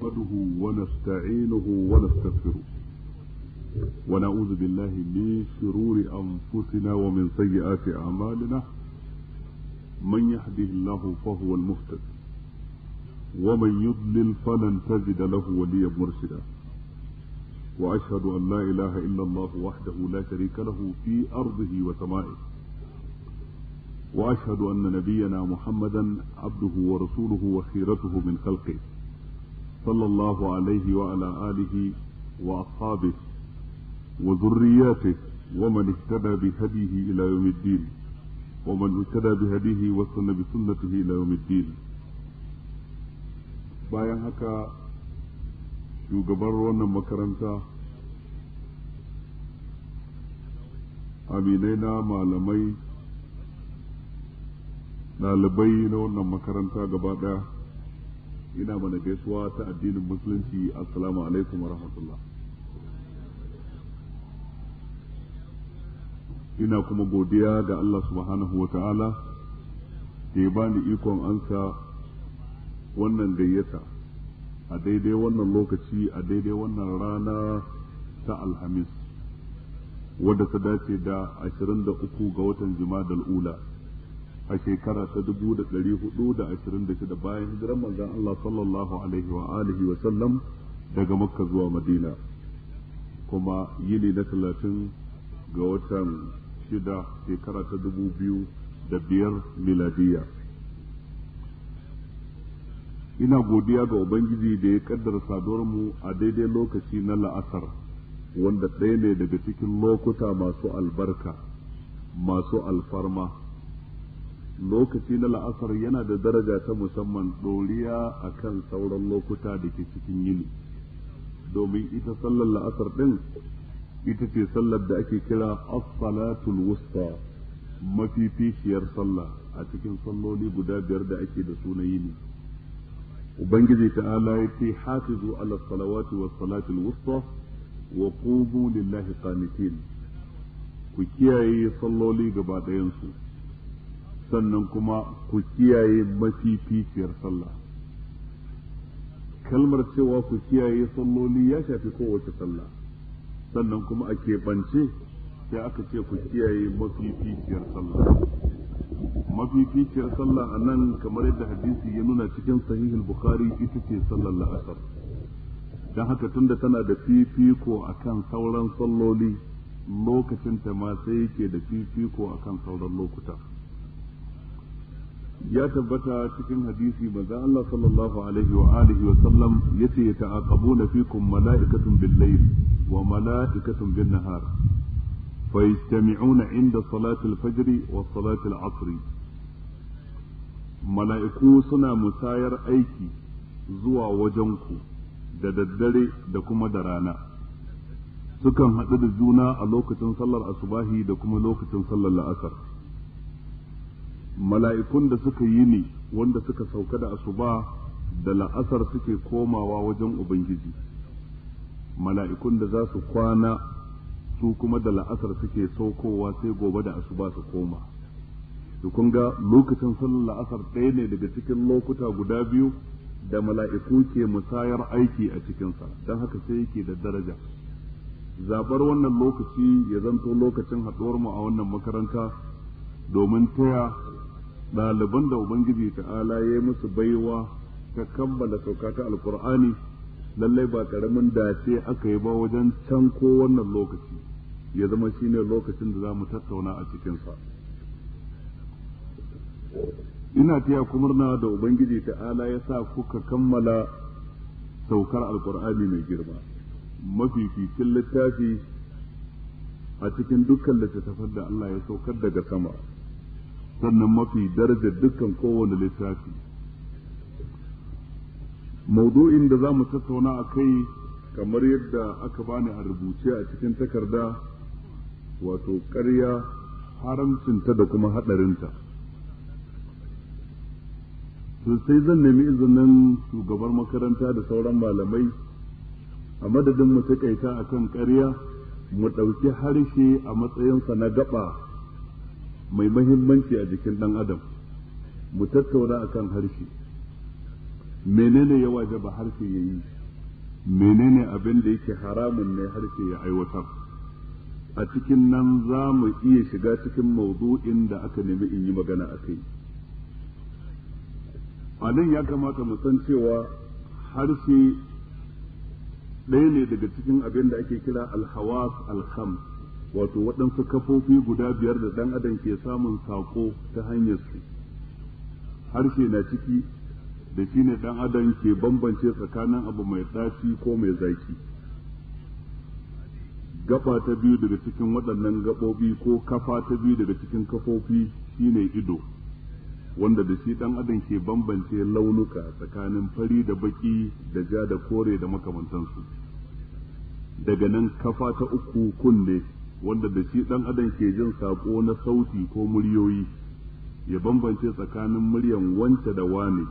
نحمده ونستعينه ونستغفره ونعوذ بالله من شرور أنفسنا ومن سيئات أعمالنا من يهده الله فهو المهتد ومن يضلل فلن تجد له وليا مرشدا وأشهد أن لا إله إلا الله وحده لا شريك له في أرضه وسمائه وأشهد أن نبينا محمدا عبده ورسوله وخيرته من خلقه صلى الله عليه وعلى آله وأصحابه وذرياته ومن اهتدى بهديه إلى يوم الدين ومن اهتدى بهديه وسن بسنته إلى يوم الدين bayan haka shugabar wannan makaranta aminai na malamai ɗalibai na wannan makaranta gaba ɗaya ina mana gaisuwa ta addinin musulunci assalamu alaikum warahmatullah rahmatullah ina kuma godiya ga Allah subhanahu wa ta'ala da ya bani ikon ansa wannan gayyata a daidai wannan lokaci a daidai wannan rana ta alhamis wadda ta dace da 23 ga watan jima'a ula a shekara ta dubu da ɗari hudu da ashirin da shida bayan hijiran manzon Allah sallallahu alaihi wa alihi wa sallam daga makka zuwa madina kuma yini na talatin ga watan shida shekara ta dubu biyu da biyar miladiya ina godiya ga ubangiji da ya kaddara mu a daidai lokaci na la'asar wanda ɗaya ne daga cikin lokuta masu albarka masu alfarma lokaci na la'asar yana da daraja ta musamman ɗoriya a kan sauran lokuta da ke cikin yini domin ita sallar la'asar ɗin ita ce sallar da ake kira as-salatul wusta fishiyar sallah a cikin salloli guda biyar da ake da suna yini ubangiji ta'ala ya ce hafizu ala salawati wa salatul wusta wa qumu lillahi qanitin ku kiyaye salloli gaba ɗayan sannan kuma ku kiyaye mafificiyar sallah kalmar cewa ku kiyaye salloli ya shafi kowace sallah sannan kuma a keɓance sai aka ce ku kiyaye mafificiyar sallah mafificiyar sallah a nan kamar yadda hadisi ya nuna cikin sahihul bukhari ita ce sallar la'asar don haka tunda tana da fifiko a kan sauran salloli lokacinta ma sai yake da fifiko a kan sauran lokuta ya tabbata cikin hadisi manzo Allah sallallahu alaihi wa alihi wa sallam yace yata'aqabuna fikum mala'ikatun bil layl wa mala'ikatun bin nahar fa yajtami'una 'inda salati al fajr wa salati al 'asr mala'iku suna musayar aiki zuwa wajen ku da daddare da kuma da rana sukan haɗu da juna a lokacin sallar asubahi da kuma lokacin sallar la'asar mala'ikun da suka yi ne wanda suka sauka da asuba da la'asar suke komawa wajen ubangiji mala'ikun da za su kwana su kuma da la'asar suke saukowa sai gobe da asuba su koma da kun ga lokacin sallar la'asar ɗaya ne daga cikin lokuta guda biyu da mala'iku ke musayar aiki a cikinsa don haka sai yake da daraja zabar wannan lokaci ya zanto lokacin haɗuwar mu a wannan makaranta domin taya ɗaliban da ubangiji ta'ala ya yi musu baiwa ta kammala sauka ta alkur'ani lallai ba karamin dace aka yi ba wajen can ko wannan lokaci ya zama shi ne lokacin da za mu tattauna a cikinsa ina taya kumurna da ubangiji ta'ala ya sa kuka kammala saukar alkur'ani mai girma Mafi mafificin littafi a cikin dukkan littattafan da Allah ya saukar daga sama sannan mafi darajar dukkan kowane littafi maudu'in da za mu tattauna a kai kamar yadda aka bani a rubuce a cikin takarda wato ƙarya haramcinta da kuma haɗarinta to sai zan nemi izinin shugaban makaranta da sauran malamai a madadin mu taƙaita kan ƙarya mu ɗauki harshe a matsayinsa na gaba mai mahimmanci a jikin ɗan adam mu tattauna a kan harshe menene ya wajaba harshe ya yi menene abin da yake haramun ne harshe ya aiwatar a cikin nan za mu iya shiga cikin maudu'in da aka nemi in yi magana a kai a nan ya kamata mu san cewa harshe ɗaya ne daga cikin abin da ake kira alhawas alham wato waɗansu kafofi guda biyar da ɗan adam ke samun sako ta hanyar su harshe na ciki da shi ne ɗan adam ke bambance tsakanin abu mai tsafi ko mai zaki gaba ta biyu daga cikin waɗannan gaɓoɓi ko kafa ta biyu daga cikin kafofi shine ido wanda da shi ɗan adam ke bambance launuka tsakanin fari da baƙi da ja da kore da makamantansu daga nan kafa ta uku kunne wanda da shi dan adam ke jin sako na sauti ko muryoyi ya bambance tsakanin muryan wance da wane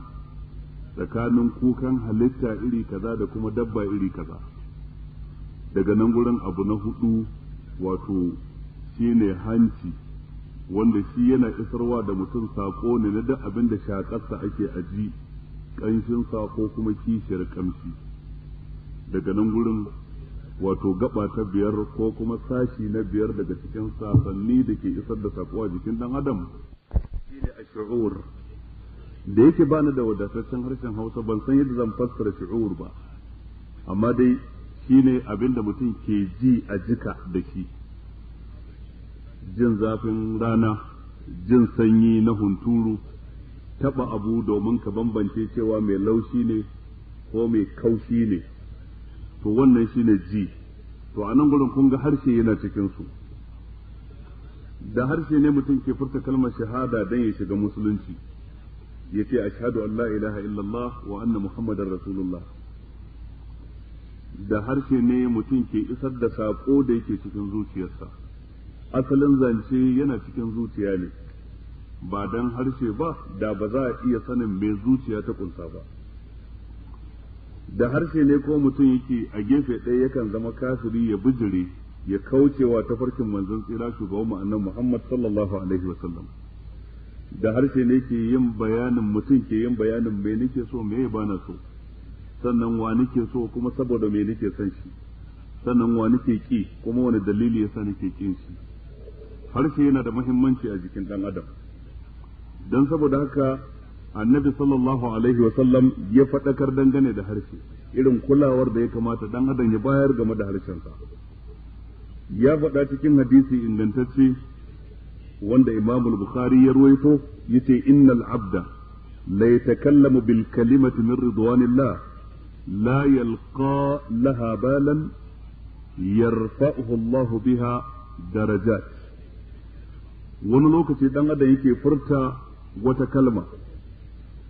tsakanin kukan halitta iri kaza da kuma dabba iri kaza daga nan gurin abu na hudu wato shine hanci wanda shi yana isarwa da mutum sako ne na duk abin da shakarsa ake aji kanshin sako kuma kishiyar kamshi daga nan gurin wato gaba ta biyar ko kuma sashi na biyar daga cikin sasanni da ke isar da sako jikin ɗan adam shi ne a shi'ur da yake bani da wadataccen harshen Hausa ban san yadda zan fassara shi'ur ba amma dai shine abin da mutum ke ji a jika da shi jin zafin rana jin sanyi na hunturu taba abu domin ka bambance cewa mai laushi ne ko mai kaushi ne to wannan shine ji to a nan gurin kun ga harshe yana cikin su da harshe ne mutum ke furta kalmar shahada dan ya shiga musulunci ya ce a an la ilaha illallah wa anna muhammadar rasulullah da harshe ne mutum ke isar da saƙo da yake cikin zuciyarsa asalin zance yana cikin zuciya ne ba don harshe ba da ba za a iya sanin mai zuciya ta kunsa ba da harshe ne ko mutum yake a gefe ɗaya yakan zama kafiri ya bijire ya kaucewa ta farkin manzon tsira shugaban mu annabi Muhammad sallallahu alaihi wa sallam da harshe ne ke yin bayanin mutum ke yin bayanin me nake so me ba na so sannan wa nake so kuma saboda me nake son shi sannan wa nake ki kuma wani dalili yasa nake kin shi harshe yana da muhimmanci a jikin dan adam dan saboda haka annabi sallallahu alaihi wa sallam ya faɗakar dangane da harshe irin kulawar da ya kamata dan adam ya bayar game da harshensa ya faɗa cikin hadisi ingantacce wanda imam bukhari ya ruwaito yace innal abda la yatakallamu bil kalimati min ridwanillah la yalqa laha balan yarfa'uhu Allah biha darajat wani lokaci dan adam yake furta wata kalma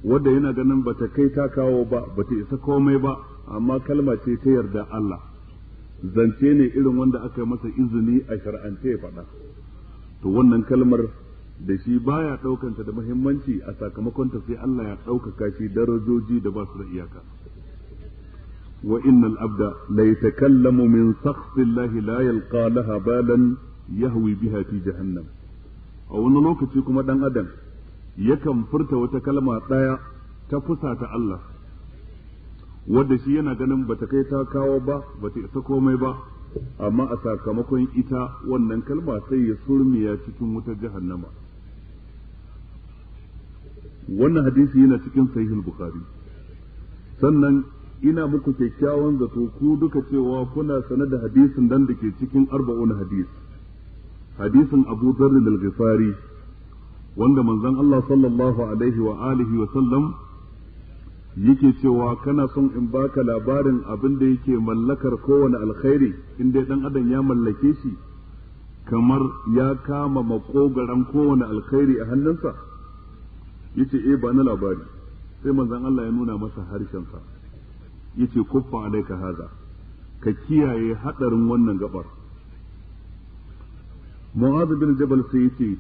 wanda yana ganin bata kai ta kawo ba bata isa komai ba amma kalma ce ta yarda Allah zance ne irin wanda aka masa izini a shar'ance faɗa to wannan kalmar da shi baya ɗaukanta da muhimmanci a sakamakon ta sai Allah ya ɗaukaka shi darajoji da ba su da iyaka wa innal abda la yatakallamu min sakhsillahi la yalqa laha balan yahwi biha fi jahannam a wani lokaci kuma dan adam yakan furta wata kalma ɗaya ta fusa ta Allah wanda shi yana ganin bata kai ta kawo ba bata isa komai ba amma a sakamakon ita wannan kalma sai ya surmiya cikin wuta jahannama wannan hadisi yana cikin sahihul bukhari sannan ina muku kyakkyawan zato ku duka cewa kuna sane da hadisin dan da ke cikin arba'un hadis hadisin abu dharr al-ghifari wanda manzon Allah sallallahu alaihi wa alihi wa sallam yake cewa kana son in baka labarin abin da yake mallakar kowane alkhairi in dai dan adam ya mallake shi kamar ya kama makogaran kowane alkhairi a hannunsa yace eh ba na labari sai manzon Allah ya nuna masa harshensa yace kuffa alaika haza ka kiyaye hadarin wannan gabar Mu'adh bin Jabal sai yace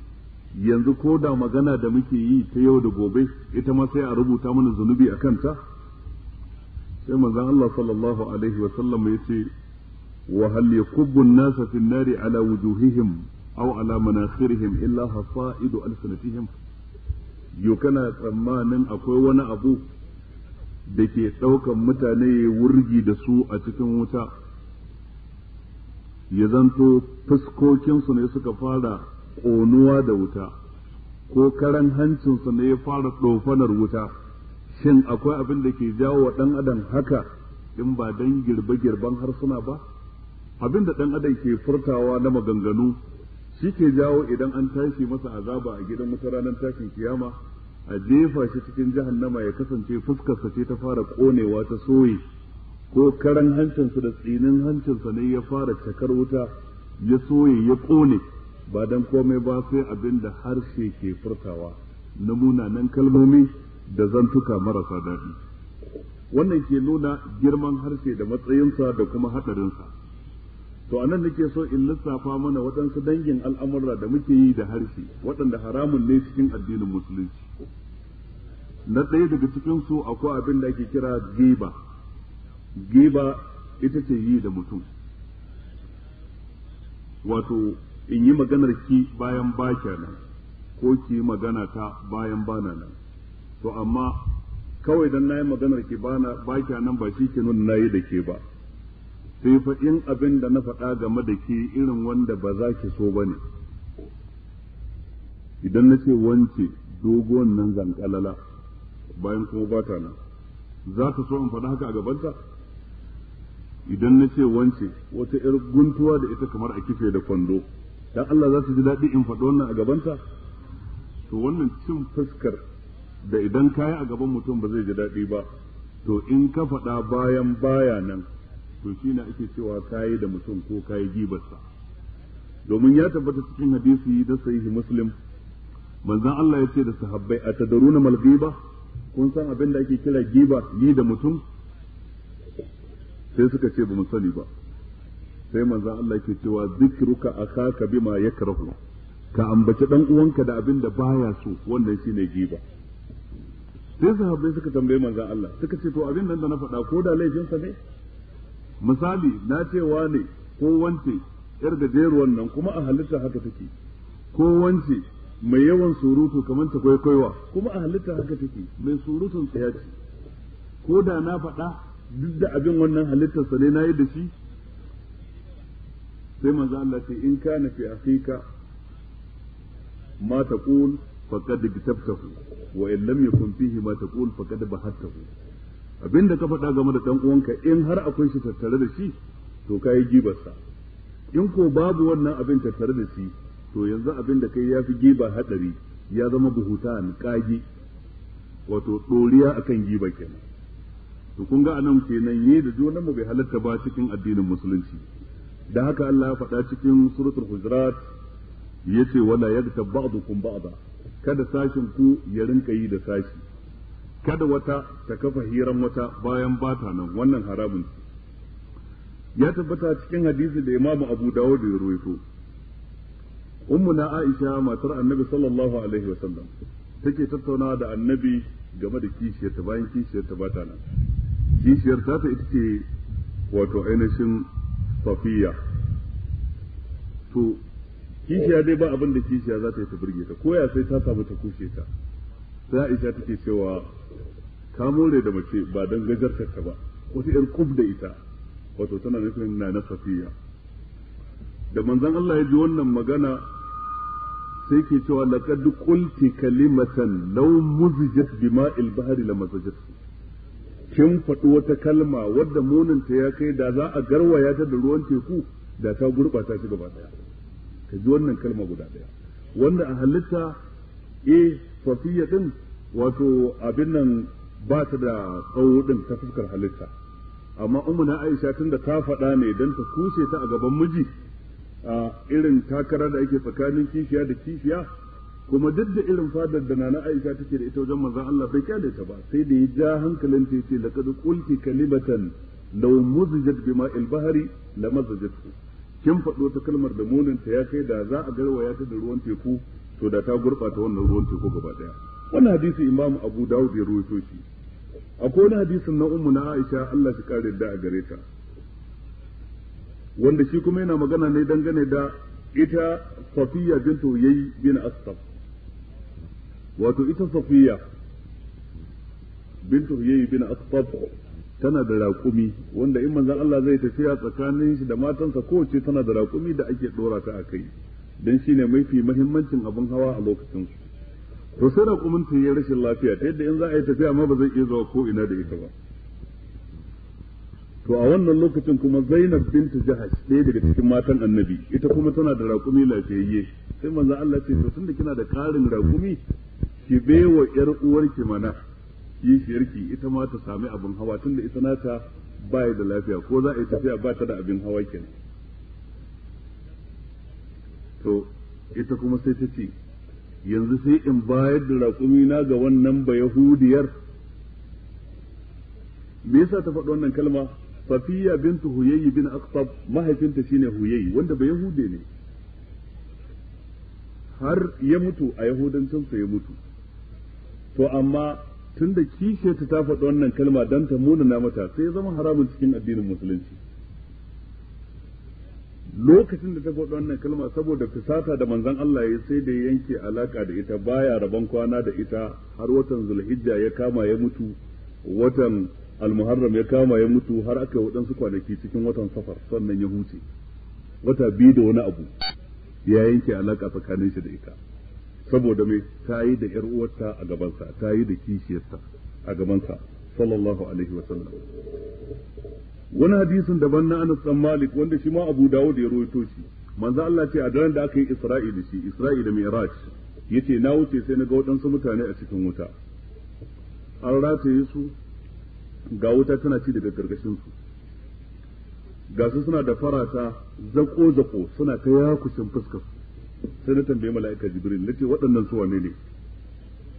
yanzu ko da magana da muke yi ta yau da gobe ita ma sai a rubuta mana zunubi a kanta sai manzon Allah sallallahu alaihi wa sallam ya ce wa hal yakubbu an-nasa fi an-nari ala wujuhihim aw ala manakhirihim illa hasaidu alfinatihim yo kana tsammanin akwai wani abu da ke ɗaukan mutane ya wurgi da su a cikin wuta ya zanto fuskokinsu ne suka fara ƙonuwa da wuta ko karan hancinsa ne ya fara ɗofanar wuta shin akwai abin da ke jawo wa ɗan adam haka in ba don girbe-girben harsuna ba abin da ɗan adam ke furtawa na maganganu shi ke jawo idan an tashi masa azaba a gidan wata ranar tashin kiyama a jefa shi cikin jahannama ya kasance fuskarsa ce ta fara ƙonewa ta soye ko karan hancinsa da tsinin hancinsa ne ya fara cakar wuta ya soye ya ƙone ba don komai ba sai abin da harshe ke furtawa na munanan kalmomi da zantuka marasa daɗi wannan ke nuna girman harshe da matsayinsa da kuma haɗarinsa to a nan nake so in lissafa mana waɗansu dangin al'amurra da muke yi da harshe waɗanda haramun ne cikin addinin musulunci na ɗaya daga cikinsu akwai abin da ake kira giba giba ita ce yi da mutum wato in yi maganar ki bayan ba nan ko ki yi magana ta bayan ba na nan to amma kawai na yi maganar ki ba na nan ba shi ke nuna yi da ke ba sai fa in abin da na faɗa game da ke irin wanda ba za ki so ba ne idan na ce wance dogon nan zankalala bayan kuma ba ta nan za ka so in faɗa haka a gabanta idan na ce wance wata 'yar guntuwa da ita kamar a kife da kwando dan Allah za su ji daɗi in faɗi wannan a gabanta to wannan cin fuskar da idan ka yi a gaban mutum ba zai ji daɗi ba to in ka faɗa bayan baya nan to shi ne ake cewa ka yi da mutum ko ka yi gibarsa domin ya tabbata cikin hadisi da sahihi muslim manzon Allah ya ce da sahabbai a tadaruna malghiba kun san abin da ake kira giba ni da mutum sai suka ce ba mu sani ba sai manzon Allah ke cewa zikruka akhaka bima yakrahu ka ambaci dan uwanka da abin da baya so wannan shine giba sai sahabbai suka tambaye manzon Allah suka ce to abin nan da na faɗa ko da laifin sa ne misali na cewa ne ko wance yar gajeruwan nan kuma a halitta haka take ko wance mai yawan surutu kamar ta kwaikwaiwa kuma a halitta haka take mai surutun tsaya ce ko da na faɗa duk da abin wannan halittarsa ne na yi da shi sai manzo Allah ce in kana fi afika ma taqul faqad kitabtahu wa in lam yakun fihi ma taqul faqad bahattahu abinda ka faɗa game da dan uwanka in har akwai shi tattare da shi to kai gibarsa in ko babu wannan abin tattare da shi to yanzu abin da kai ya fi giba hadari ya zama buhutan kage wato doriya akan gibar kenan to kun ga anan kenan yi da junan mu bai halatta ba cikin addinin musulunci da haka Allah ya faɗa cikin suratul hujurat yace wala yaghtab ba'dukum ba'da kada sashin ku ya rinka yi da sashi kada wata ta kafa hiran wata bayan bata nan wannan haramun ya tabbata cikin hadisi da Imam Abu Dawud ya ruwaito ummuna Aisha matar Annabi sallallahu alaihi wasallam take tattaunawa da Annabi game da kishiyarta bayan kishiyarta bata nan kishiyar ta ita ce wato ainihin safiya to kishiya dai ba abin da kishiya za ta yi ta burge ta koya sai ta samu ta kushe ta sai Aisha take cewa ta more da mace ba dan gajartar ta ba wata yar kub da ita wato tana nufin na na safiya da manzon Allah ya ji wannan magana sai ke cewa laqad qulti kalimatan law muzijat bima'il bahri lamazajat kin faɗi wata kalma wadda muninta ya kai da za a garwaya ta da ruwan teku da ta gurɓata shi gaba ɗaya ka ji wannan kalma guda ɗaya wanda a halitta e fafiya ɗin, wato abin nan ba ta da tsawo din ta fuskar halitta amma umuna aisha tun da ta faɗa ne don ta kushe ta a gaban miji a irin takara da ake tsakanin kishiya da kishiya kuma duk da irin fadar da nana Aisha take da ita wajen manzon Allah bai kyale ta ba sai da ya ja hankalin ta yace kad qulti kalimatan law muzijat al bahri lamazajathu kin faɗo ta kalmar da munin ta ya kai da za a garwaya ta da ruwan teku to da ta gurbata wannan ruwan teku gaba daya wannan hadisi Imam Abu daud ya ruwaito shi akwai wani hadisin na ummu na Aisha Allah ya kare da a gare ta wanda shi kuma yana magana ne dangane da ita Safiya bintu Yayi bin Asfar wato ita safiya bintu yayi bin aqtab tana da raƙumi wanda in manzon Allah zai tafiya tsakanin shi da matansa kowace tana da raƙumi da ake dora ta akai dan shine mafi muhimmancin abin hawa a lokacin su to sai raƙumin ta yi rashin lafiya ta yadda in za a yi tafiya ma ba zai iya zuwa ko ina da ita ba to a wannan lokacin kuma Zainab bintu Jahash ɗaya daga cikin matan Annabi ita kuma tana da raƙumi lafiyayye sai manzon Allah ce to tunda kina da karin raƙumi ki baiwa yar uwarki mana kishiyarki ita ma ta sami abin hawa tunda ita nata bai da lafiya ko za a yi tafiya ba ta da abin hawa kenan to ita kuma sai ta ce yanzu sai in bayar da raƙumi na ga wannan ba yahudiyar me yasa ta faɗi wannan kalma fafiya bintu huyayyi bin aqtab mahaifinta shine huyayyi wanda ba yahude ne har ya mutu a yahudancin sa ya mutu to amma tun da kishe ta ta faɗi wannan kalma don ta munana mata sai ya zama haramun cikin addinin musulunci lokacin da ta faɗi wannan kalma saboda fisata da manzon Allah ya sai da yanke alaka da ita baya rabon kwana da ita har watan zulhijja ya kama ya mutu watan almuharram ya kama ya mutu har aka yi waɗansu kwanaki cikin watan safar sannan ya huce wata biyu da wani abu ya yanke alaka tsakanin shi da ita saboda mai ta yi da yar uwarta a gabansa ta yi da kishiyarta a gabansa sallallahu alaihi wa sallam wani hadisin daban na Anas dan Malik wanda shi ma Abu Dawud ya rawaito shi manzo Allah ce a daren da aka yi Isra'i da shi Isra'i da Mi'raj yace na wuce sai na ga waɗansu mutane a cikin wuta an rataye su ga wuta tana ci daga gargashin su ga suna da farata zako zako suna ta yakushin fuskar su sai na tambaye mala'ika jibril nace waɗannan su wane ne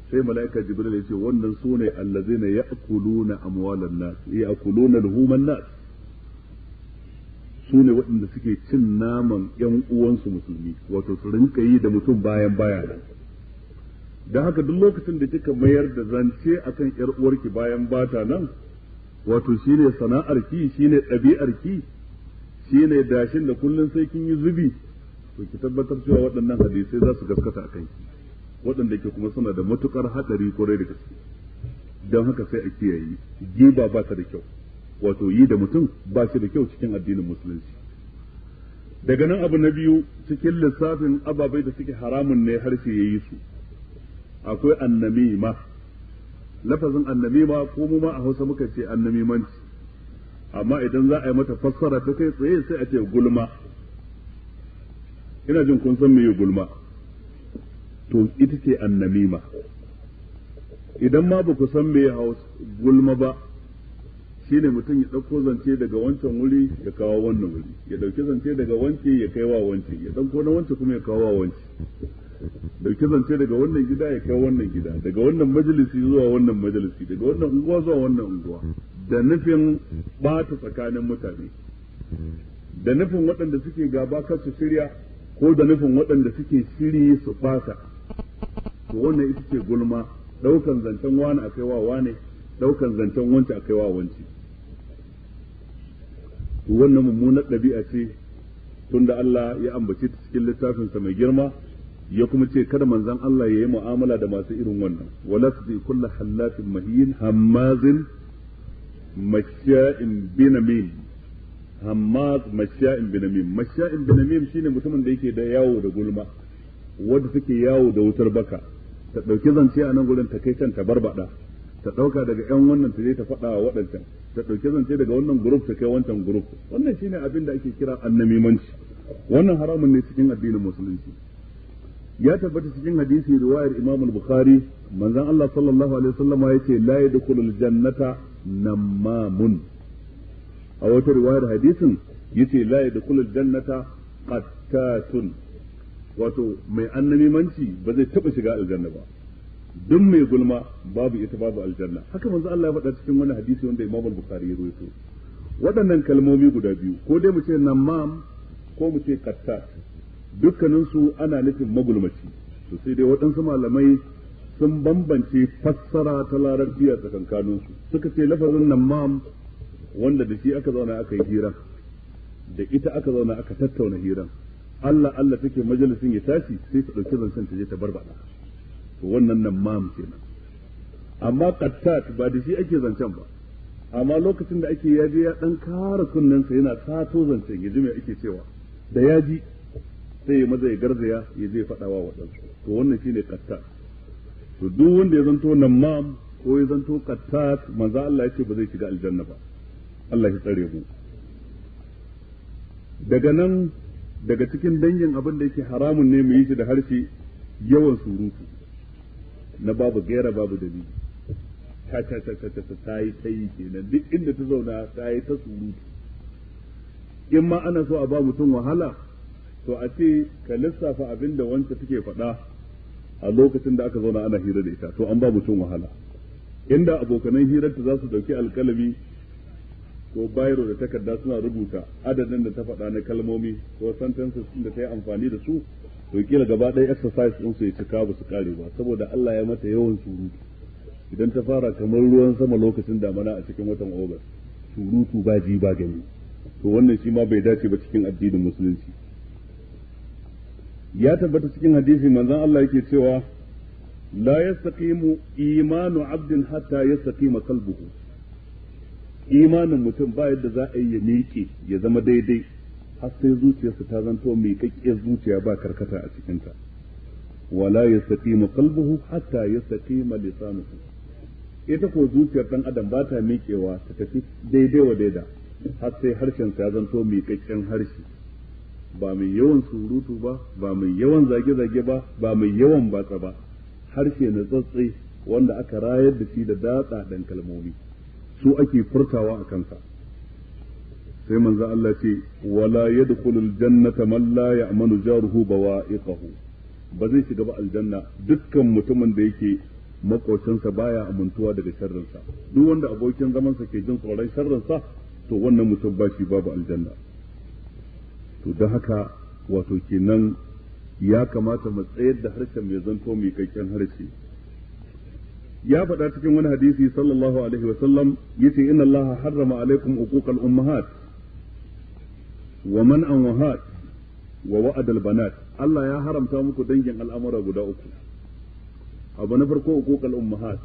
sai mala'ika jibril ya ce wannan su ne allazina ya'kuluna amwalan nas ya'kuluna al-human nas su ne waɗanda suke cin naman ƴan uwansu musulmi wato su rinka yi da mutum bayan baya nan da haka duk lokacin da kika mayar da zance akan ƴar uwarki bayan bata nan wato shine sana'arki shine ɗabi'arki shine dashin da kullun sai kin yi zubi to ki tabbatar cewa waɗannan hadisai za su gaskata a kanki waɗanda ke kuma suna da matukar ko kwarai da gaske don haka sai a kiyaye giba ba ta da kyau wato yi da mutum ba shi da kyau cikin addinin musulunci daga nan abu na biyu cikin lissafin ababai da suke haramun ne harshe ya yi su akwai annamima lafazin annamima ko mu ma a hausa muka ce annamimanci amma idan za a yi mata fassara ta kai tsaye sai a ce gulma ina jin kun san meye gulma to ita ce annamima idan ma ba ku san meye gulma ba shine mutum ya ɗauko zance daga wancan wuri ya kawo wannan wuri ya ɗauki zance daga wance ya kai wa wance ya ɗauko na wance kuma ya kawo wa wance dauki zance daga wannan gida ya kai wannan gida daga wannan majalisi zuwa wannan majalisi daga wannan unguwa zuwa wannan unguwa da nufin ɓata tsakanin mutane da nufin waɗanda suke gaba kansu su shirya ko da nufin waɗanda suke shiri su fasa to wannan ita ce gulma ɗaukan zancen wani a kaiwa wane ɗaukan zancen wanci a kaiwa wanci to wannan mummunar ɗabi'a ce tunda Allah ya ambace ta cikin littafinsa mai girma ya kuma ce kada manzon Allah ya yi mu'amala da masu irin wannan wala zai kullu hallafin mahin hammazin masha'in binamin hammaz mashya'in binamim mashya'in binamim shine mutumin da yake da yawo da gulma wanda take yawo da wutar baka ta dauki zance a nan gurin ta kai kanta barbada ta dauka daga yan wannan ta je ta faɗa wa waɗancan ta dauki zance daga wannan group ta kai wancan group wannan shine abin da ake kira annamimanci wannan haramun ne cikin addinin musulunci ya tabbata cikin hadisi riwayar Imam al-Bukhari manzon Allah sallallahu alaihi wasallam ya ce la yadkhulul jannata namamun a wata riwayar hadisin yace la yadkhulul jannata qattatun wato mai manci ba zai taba shiga aljanna ba duk mai gulma babu ita babu aljanna haka manzo Allah ya faɗa cikin wani hadisi wanda Imam al-Bukhari ya rawaito waɗannan kalmomi guda biyu ko dai mu ce namam ko mu ce qattat dukkanin su ana nufin magulmaci to sai dai waɗansu malamai sun bambance fassara ta larabci a tsakankanin su suka ce lafazin namam wanda da shi aka zauna aka yi hira da ita aka zauna aka tattauna hiran Allah Allah take majalisin ya tashi sai ta dauki zancen ta je ta barbada to wannan nan mam kenan amma qattat ba da shi ake zancen ba amma lokacin da ake yaje ya dan kara sa yana sato zancen ya ji me ake cewa da yaji sai ya maza ya garzaya ya je wa waɗansu to wannan shine qattat to duk wanda ya zanto nan mam ko ya zanto qattat manzo Allah ya ce ba zai shiga aljanna ba Allah ya tsare mu daga nan daga cikin dangin abin da yake haramun ne mu yi shi da harshe yawan surutu na babu gera babu dalili ta ta ta ta ta ta yi ta yi kenan duk inda ta zauna ta yi ta surutu in ma ana so a ba mutum wahala to a ce ka lissafa abin da wanda take faɗa a lokacin da aka zauna ana hira da ita to an ba mutum wahala inda abokanan hirarta za su ɗauki alkalami ko bayro da takarda suna rubuta adadin da ta faɗa na kalmomi ko sentences din da ta yi amfani da su to kila gaba ɗaya exercise din su ya cika ba su kare ba saboda Allah ya mata yawan surutu idan ta fara kamar ruwan sama lokacin damana a cikin watan August surutu ba ji ba gani to wannan shi ma bai dace ba cikin addinin musulunci ya tabbata cikin hadisi manzon Allah yake cewa la yastaqimu imanu abdin hatta yastaqima qalbuhu imanin mutum ba yadda za a yi ya miƙe ya zama daidai har sai zuciyarsa ta zanto kakkiyar zuciya ba karkata a cikinta wala ya ma qalbuhu hatta ya yastaqima lisanuhu ita ko zuciyar ɗan adam ba ta miƙewa ta tafi daidai wa daida har sai harshen sa ya zanto kakkiyar harshe ba mai yawan surutu ba ba mai yawan zage-zage ba ba mai yawan batsa ba harshe na tsatsai wanda aka rayar da shi da datsa dan kalmomi su ake furtawa a kansa sai manzo Allah ce wala yadkhulul jannata man la ya'manu jaruhu bawa'iqahu ba zai shiga ba aljanna dukkan mutumin da yake makocinsa baya amintuwa daga sharrinsa duk wanda abokin zamansa ke jin tsoron sharrinsa to wannan mutum ba shi babu aljanna to don haka wato kenan ya kamata mu tsayar da harshen mai zanto mai kakken harshe ya faɗa cikin wani hadisi sallallahu alaihi wa sallam yace inna allaha harrama alaikum uquqal ummahat wa man wahat wa wa'ad al banat Allah ya haramta muku dangin al'amura guda uku abu na farko uquqal ummahat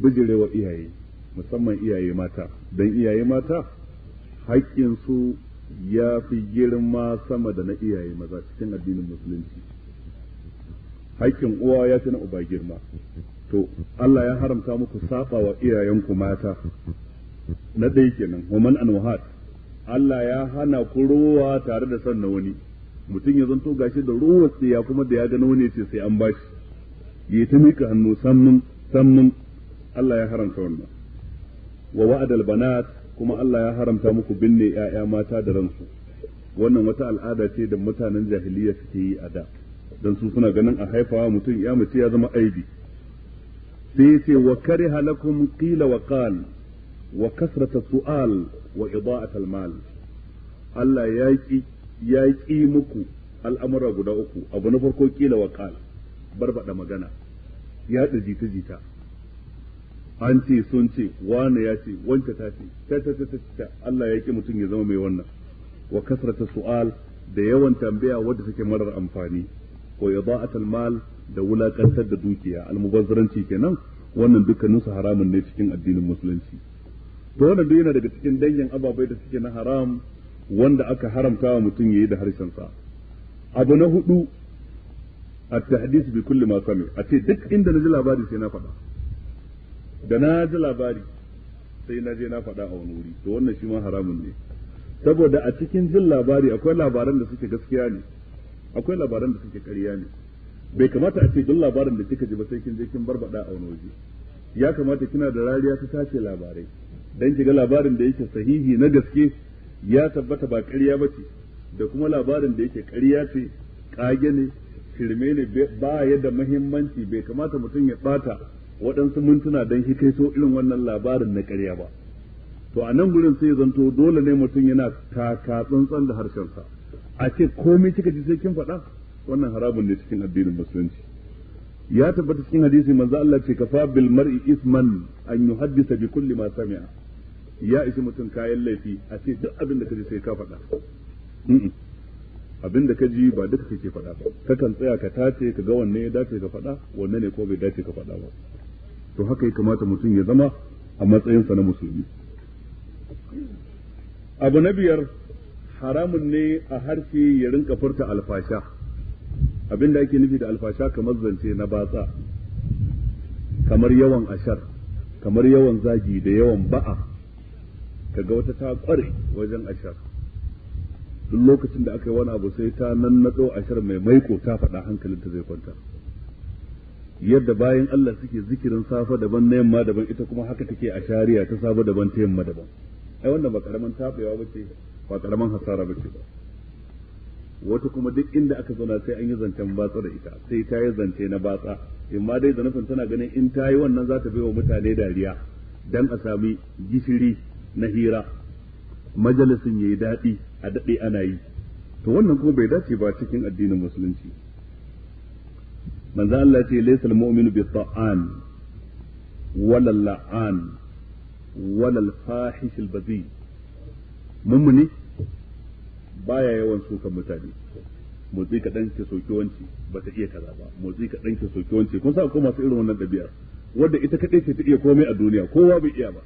bijirewa iyaye musamman iyaye mata dan iyaye mata haƙƙin su ya fi girma sama da na iyaye maza cikin addinin musulunci haƙƙin uwa ya fi na uba girma to Allah ya haramta muku saba wa iyayenku mata na ɗaya kenan homan an Allah ya hana ku ruwa tare da son na wani mutum ya zanto gashi da ruwa ya kuma da ya gano wani ce sai an bashi ya ta mika hannu samnun samnun Allah ya haramta wannan wa wa'adal banat kuma Allah ya haramta muku binne 'ya'ya mata da ransu wannan wata al'ada ce da mutanen jahiliya suke yi a da dan su suna ganin a haifawa mutum ya mace ya zama aibi sai ce wa kariha lakum qila wa qal wa kasrata su'al wa ida'at al-mal Allah ya ki ya ki muku al'amura guda uku abu na farko kila wa qal barbada magana ya jita jita an ce sun ce wane ya ce wance ta ce ta ta ta ta Allah ya ki mutum ya zama mai wannan wa kasrata su'al da yawan tambaya wadda take marar amfani wa ida'at al-mal da wulakantar da dukiya almubazzaranci kenan wannan dukkanin su haramun ne cikin addinin musulunci to wannan duk yana daga cikin dangin ababai da suke na haram wanda aka haramta wa mutum yayi da harshen sa abu na hudu at-tahdith bi kulli ma sami a ce duk inda na ji labari sai na faɗa da na ji labari sai na je na faɗa a wani wuri to wannan shi ma haramun ne saboda a cikin jin labari akwai labaran da suke gaskiya ne akwai labaran da suke ƙarya ne bai kamata a ce duk labarin da kika ji ba sai kin je kin barbada a wani waje ya kamata kina da rariya ta tace labarai dan kiga labarin da yake sahihi na gaske ya tabbata ba ƙarya ba ce da kuma labarin da yake ƙarya ce ƙage ne firme ne ba yadda da muhimmanci bai kamata mutum ya ɓata waɗansu mintuna don shi kai so irin wannan labarin na ƙarya ba to a nan gurin sai zanto dole ne mutum yana taka tsantsan da harshensa a ce komai kika ji sai kin faɗa wannan haramun ne cikin addinin musulunci ya tabbata cikin hadisi manzo Allah ce kafa bil mar'i isman an yuhaddisa bi kulli ma sami'a ya isi mutum kayan laifi a ce duk abin da kaji sai ka faɗa abin da kaji ba duka kake faɗa ba kan tsaya ka tace ka ga wanne ya dace ka faɗa wanne ne ko bai dace ka faɗa ba to haka ya kamata mutum ya zama a matsayinsa na musulmi abu na biyar haramun ne a harshe ya rinka furta alfasha abinda ake nufi da alfasha kamar zance na batsa kamar yawan ashar kamar yawan zagi da yawan ba'a kaga wata ta kware wajen ashar duk lokacin da aka yi wani abu sai ta nan naɗo ashar mai maiko ta faɗa hankalinta zai kwanta yadda bayan Allah suke zikirin safa daban na yamma daban ita kuma haka take a shari'a ta safa daban ta yamma daban ai wannan ba karaman tabewa bace ba karaman hasara bace ba wata kuma duk inda aka zauna sai an yi zancen batsa da ita sai ta yi zance na batsa in ma dai zanafin tana ganin in ta yi wannan za ta wa mutane dariya don a sami gishiri na hira majalisin yi daɗi a daɗe ana yi to wannan kuma bai dace ba cikin addinin musulunci manzo Allah ce laysa al-mu'minu bi ta'an wala la'an wala al-fahish al-bazi mummuni baya yawan sukan mutane motsi dan ke soki wanci ba ta iya kaza ba motsi dan ke soki wanci kun sa ko masu irin wannan dabi'a wadda ita ka ce ta iya komai a duniya kowa bai iya ba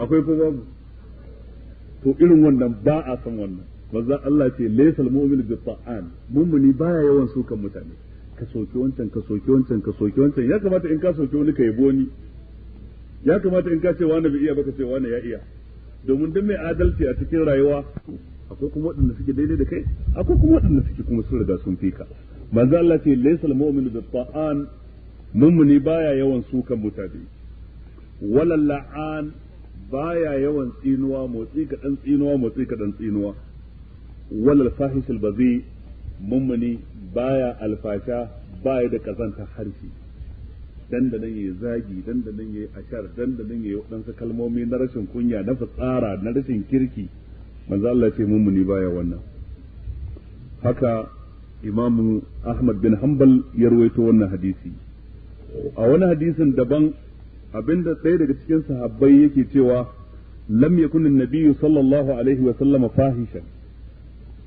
akwai ko babu to irin wannan ba a san wannan manzon Allah ce laysal mu'min bi ta'an mummuni baya yawan sukan mutane ka soki wancan ka soki wancan ka soki wancan ya kamata in ka soki wani ka yabo ni ya kamata in ka ce wani bai iya ba ka ce wani ya iya domin dan mai adalci a cikin rayuwa akwai kuma waɗanda suke daidai da kai akwai kuma waɗanda suke kuma sun riga sun fika manzo Allah ce laysal mu'minu bi ta'an mummuni baya yawan sukan mutane walal la'an baya yawan tsinuwa motsi kaɗan tsinuwa motsi kaɗan tsinuwa walal fahisul bazi mummuni baya alfasha baya da kazanta harshe dandanan yayi zagi dandanan ya yi ashar dandanan ya yi waɗansu kalmomi na rashin kunya na fitsara na rashin kirki manzo Allah ce muni baya wannan haka imamu Ahmad bin Hanbal ya ruwaito wannan hadisi a wani hadisin daban abinda ɗaya daga cikin sahabbai yake cewa lam yakun annabi nabiyyu sallallahu alaihi wa sallama fahishan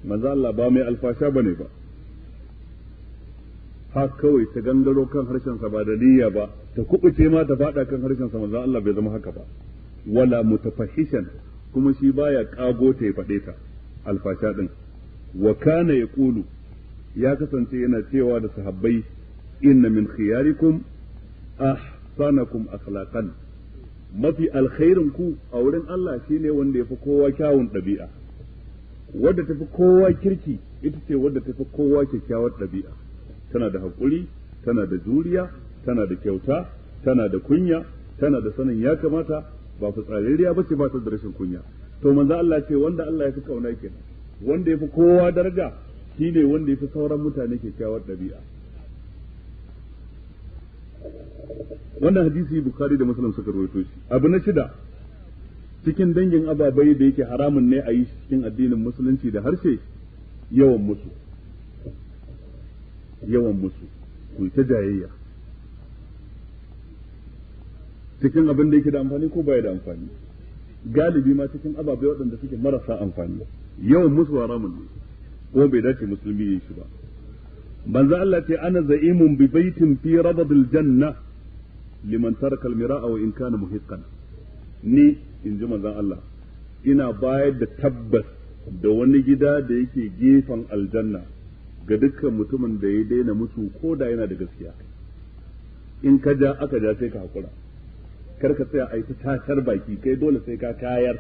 manzo Allah ba mai alfasha bane ba ha kawai ta gangaro kan harshen sa ba da niyya ba ta kubuce ma ta fada kan harshen sa manzon Allah bai zama haka ba wala mutafahishan kuma shi baya kago ta ya fade ta alfasha din wa kana yaqulu ya kasance yana cewa da sahabbai inna min khiyarikum ahsanakum akhlaqan mafi alkhairin ku a wurin Allah shine wanda yafi kowa kyawun dabi'a wadda tafi kowa kirki ita ce wadda tafi kowa kyakkyawar dabi'a. tana da hakuri, tana da juriya tana da kyauta tana da kunya tana da sanin ya kamata ba fitsararriya ba ce ba ta da rashin kunya to manzo Allah ce wanda Allah ya fi kauna ke wanda ya fi kowa daraja shine wanda ya fi sauran mutane kyakkyawar ɗabi'a wannan hadisi bukhari da muslim suka rawaito shi abu na shida cikin dangin ababai da yake haramun ne a yi cikin addinin musulunci da harshe yawan musu yawan musu ku ta jayayya cikin abin da yake da amfani ko baya da amfani galibi ma cikin ababe waɗanda suke marasa amfani yawan musu haramun ne ko bai dace musulmi yin shi ba manzo Allah ce ana za'imun bi baitin fi rabadil janna liman taraka almira'a wa in kana muhiqqan ni in ji manzon Allah ina bayar da tabbas da wani gida da yake gefen aljanna ga dukkan mutumin da ya daina musu ko da yana da gaskiya in ka ja aka ja sai ka hakura kar ka tsaya ai ta tashar baki kai dole sai ka kayar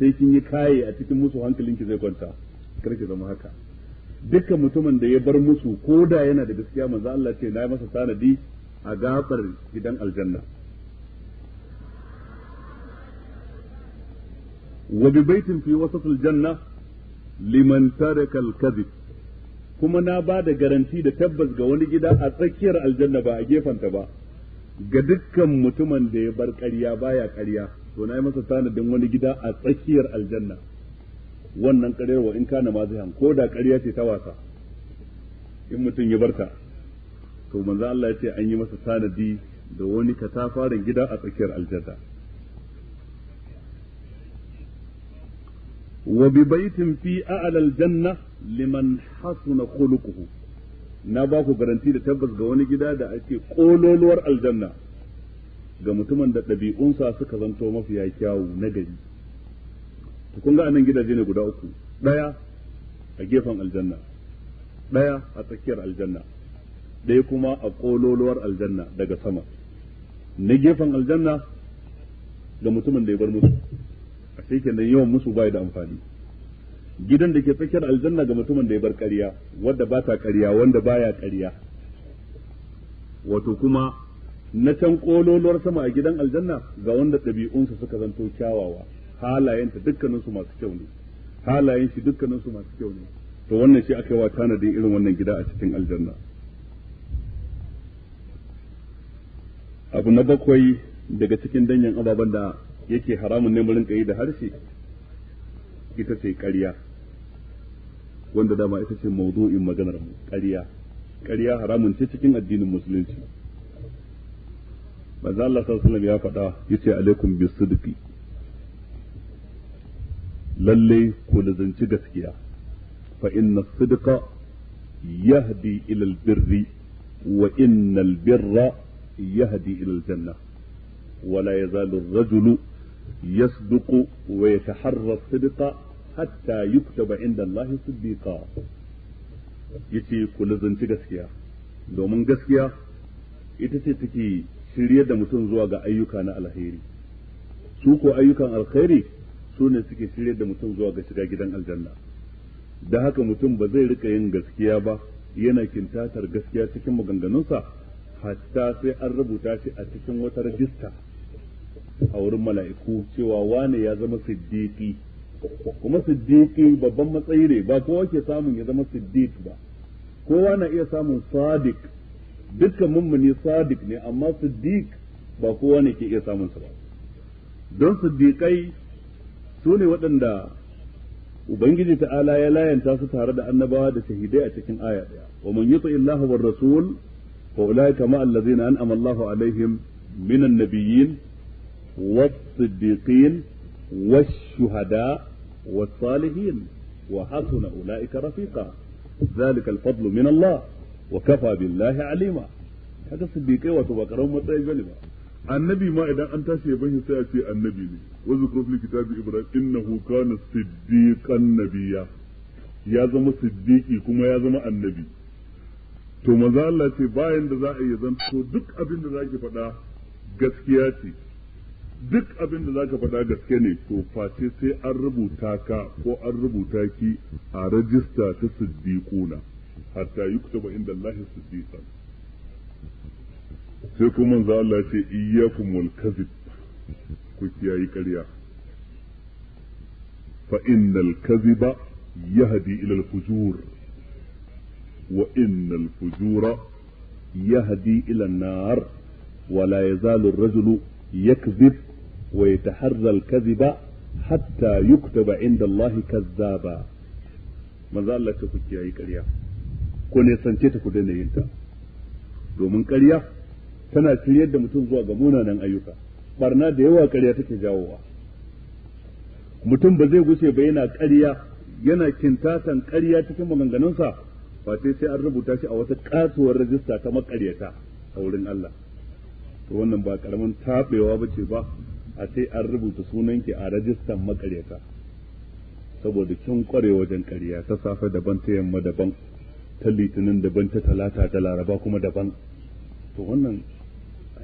sai kin yi kaye a cikin musu hankalin ki zai kwanta kar ki zama haka dukkan mutumin da ya bar musu ko da yana da gaskiya manzo Allah ce na masa tanadi a gabar gidan aljanna wa bi baitin fi wasatil janna liman taraka al-kadhib kuma na ba da garanti da tabbas ga wani gida a tsakiyar aljanna ba a gefanta ba ga dukkan mutumin da ya bar ƙarya baya ƙarya to na yi masa tanadin wani gida a tsakiyar aljanna wannan ƙaryar wa in kana ma zai ko da ƙarya ce ta wasa in mutum ya barta to manzo Allah ya ce an yi masa tanadi da wani katafaren gida a tsakiyar aljanna wa bi baitin fi a'lal liman hasuna khuluquhu na ba ku garanti da tabbas ga wani gida da ake kololuwar aljanna ga mutumin da ɗabi'unsa suka zanto mafiya kyawu na gari to kun ga anan gidaje ne guda uku ɗaya a gefen aljanna ɗaya a tsakiyar aljanna ɗaya kuma a kololuwar aljanna daga sama na gefen aljanna ga mutumin da ya bar musu a kenan yawan musu bai da amfani gidan da ke tsakiyar aljanna ga mutumin da ya bar ƙarya wanda ba ta ƙarya wanda ba ya ƙarya wato kuma na can ƙololuwar sama a gidan aljanna ga wanda ɗabi'unsa suka zanto kyawawa halayenta dukkaninsu masu kyau ne halayen shi dukkaninsu masu kyau ne to wannan shi aka yi wa tanadin irin wannan gida a cikin aljanna abu na bakwai daga cikin danyen ababen da yake haramun ne mu da harshe ita ce ƙarya wanda dama ita ce mawdu'in maganar mu ƙarya ƙarya haramun ce cikin addinin musulunci manzo Allah sallallahu alaihi ya faɗa yace alaikum bisidqi lalle ku lazanci gaskiya fa inna sidqa yahdi ila albirri wa inna albirra yahdi ila aljanna ولا يزال الرجل يصدق ويتحرى sidqa hatta yuktaba inda Allah siddiqa yace ku lazanci gaskiya domin gaskiya ita ce take shirye da mutum zuwa ga ayyuka na alheri su ko ayyukan alheri su ne suke shirye da mutum zuwa ga shiga gidan aljanna da haka mutum ba zai rika yin gaskiya ba yana kintatar gaskiya cikin maganganunsa hatta sai an rubuta shi a cikin wata rajista a wurin mala'iku cewa wane ya zama siddiqi kuma siddiqi babban matsayi ne ba kowa ke samun ya zama siddiq ba kowa na iya samun sadiq dukkan mummuni sadiq ne amma siddiq ba kowa ne ke iya samun sa ba don siddiqai su ne waɗanda ubangiji ta'ala ya layanta su tare da annabawa da shahidai a cikin aya daya wa man yuti war rasul fa ulaika ma allazina an'ama Allahu alaihim minan nabiyyin was siddiqin was shuhada والصالحين وحسن أولئك رفيقا ذلك الفضل من الله وكفى بالله عليما هذا صديقي وتبكرهم متعي بلما annabi ma idan an tashi yaban shi sai a ce annabi ne wa zikru fil kitabi ibrahim innahu ya zama siddiqi kuma ya zama annabi to maza Allah ce bayan da za a yi zanto duk abin da zaki faɗa gaskiya ce duk abin da zaka faɗa gaske ne to face sai an rubuta ka ko an rubuta ki a rajista ta siddiquna hatta yuktaba inda Allah siddiqan sai kuma manzo Allah ce iyyakum wal kadhib ku kiyayi ƙarya fa innal kadhiba yahdi ila al fujur wa innal fujura yahdi ila an nar yazalu ar rajulu يكذب ويتحرى الكذب حتى يكتب عند الله كذابا manzo Allah ce ku kiyaye ƙarya ko ne sance ta ku daina yin ta domin ƙarya tana shiryar da mutum zuwa ga munanan ayyuka barna da yawa ƙarya take jawowa mutum ba zai guce ba yana ƙarya yana kintatan ƙarya cikin maganganunsa ba sai an rubuta shi a wata kasuwar rajista ta maƙaryata a wurin Allah to wannan ba karamin tabewa bace ba a sai an rubuta sunan ki a rajistan makaryata saboda kin kware wajen ƙarya ta safe daban ta yamma daban ta litinin daban ta talata ta laraba kuma daban to wannan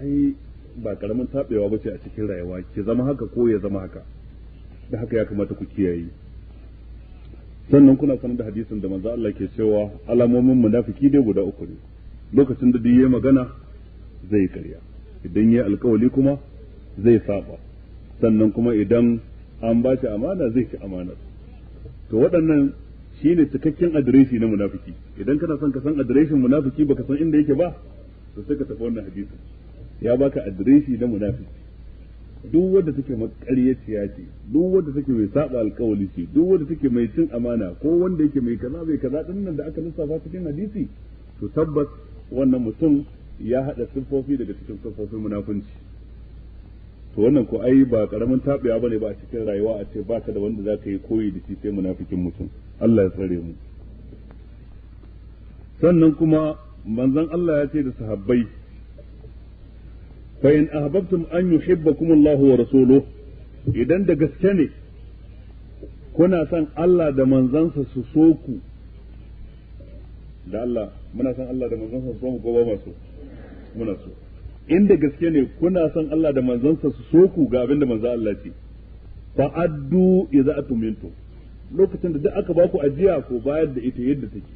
ai ba karamin tabewa ba ce a cikin rayuwa ki zama haka ko ya zama haka da haka ya kamata ku kiyaye sannan kuna sanar da hadisin da manzo Allah ke cewa alamomin munafiki dai guda uku ne lokacin da duk yayi magana zai karya idan yayi alkawali kuma zai saba sannan kuma idan an ba shi amana zai ci amana to waɗannan shine cikakken adireshi na munafiki idan kana son ka san adireshin munafiki baka san inda yake ba to sai ka tafi wannan hadisin ya baka adireshi na munafiki duk wanda take makaryaciya ce duk wanda take mai saba alkawali ce duk wanda take mai cin amana ko wanda yake mai kaza bai kaza din nan da aka lissafa cikin hadisi to tabbas wannan mutum ya haɗa siffofi daga cikin siffofin munafunci to wannan ko ai ba karamin tabiya bane ba a cikin rayuwa a ce baka da wanda zaka yi koyi da shi sai munafikin mutum Allah ya tsare mu sannan kuma manzon Allah ya ce da sahabbai fa in ahbabtum an yuhibbakum Allah wa rasuluhu idan da gaske ne kuna son Allah da manzansa su so ku da Allah muna son Allah da manzansa su so mu ko ba mu so muna so inda gaske ne kuna son Allah da manzansa su so ku ga abin da manzo Allah ce fa addu idza atumintu lokacin da duk aka ba ku ajiya ko bayar da ita yadda take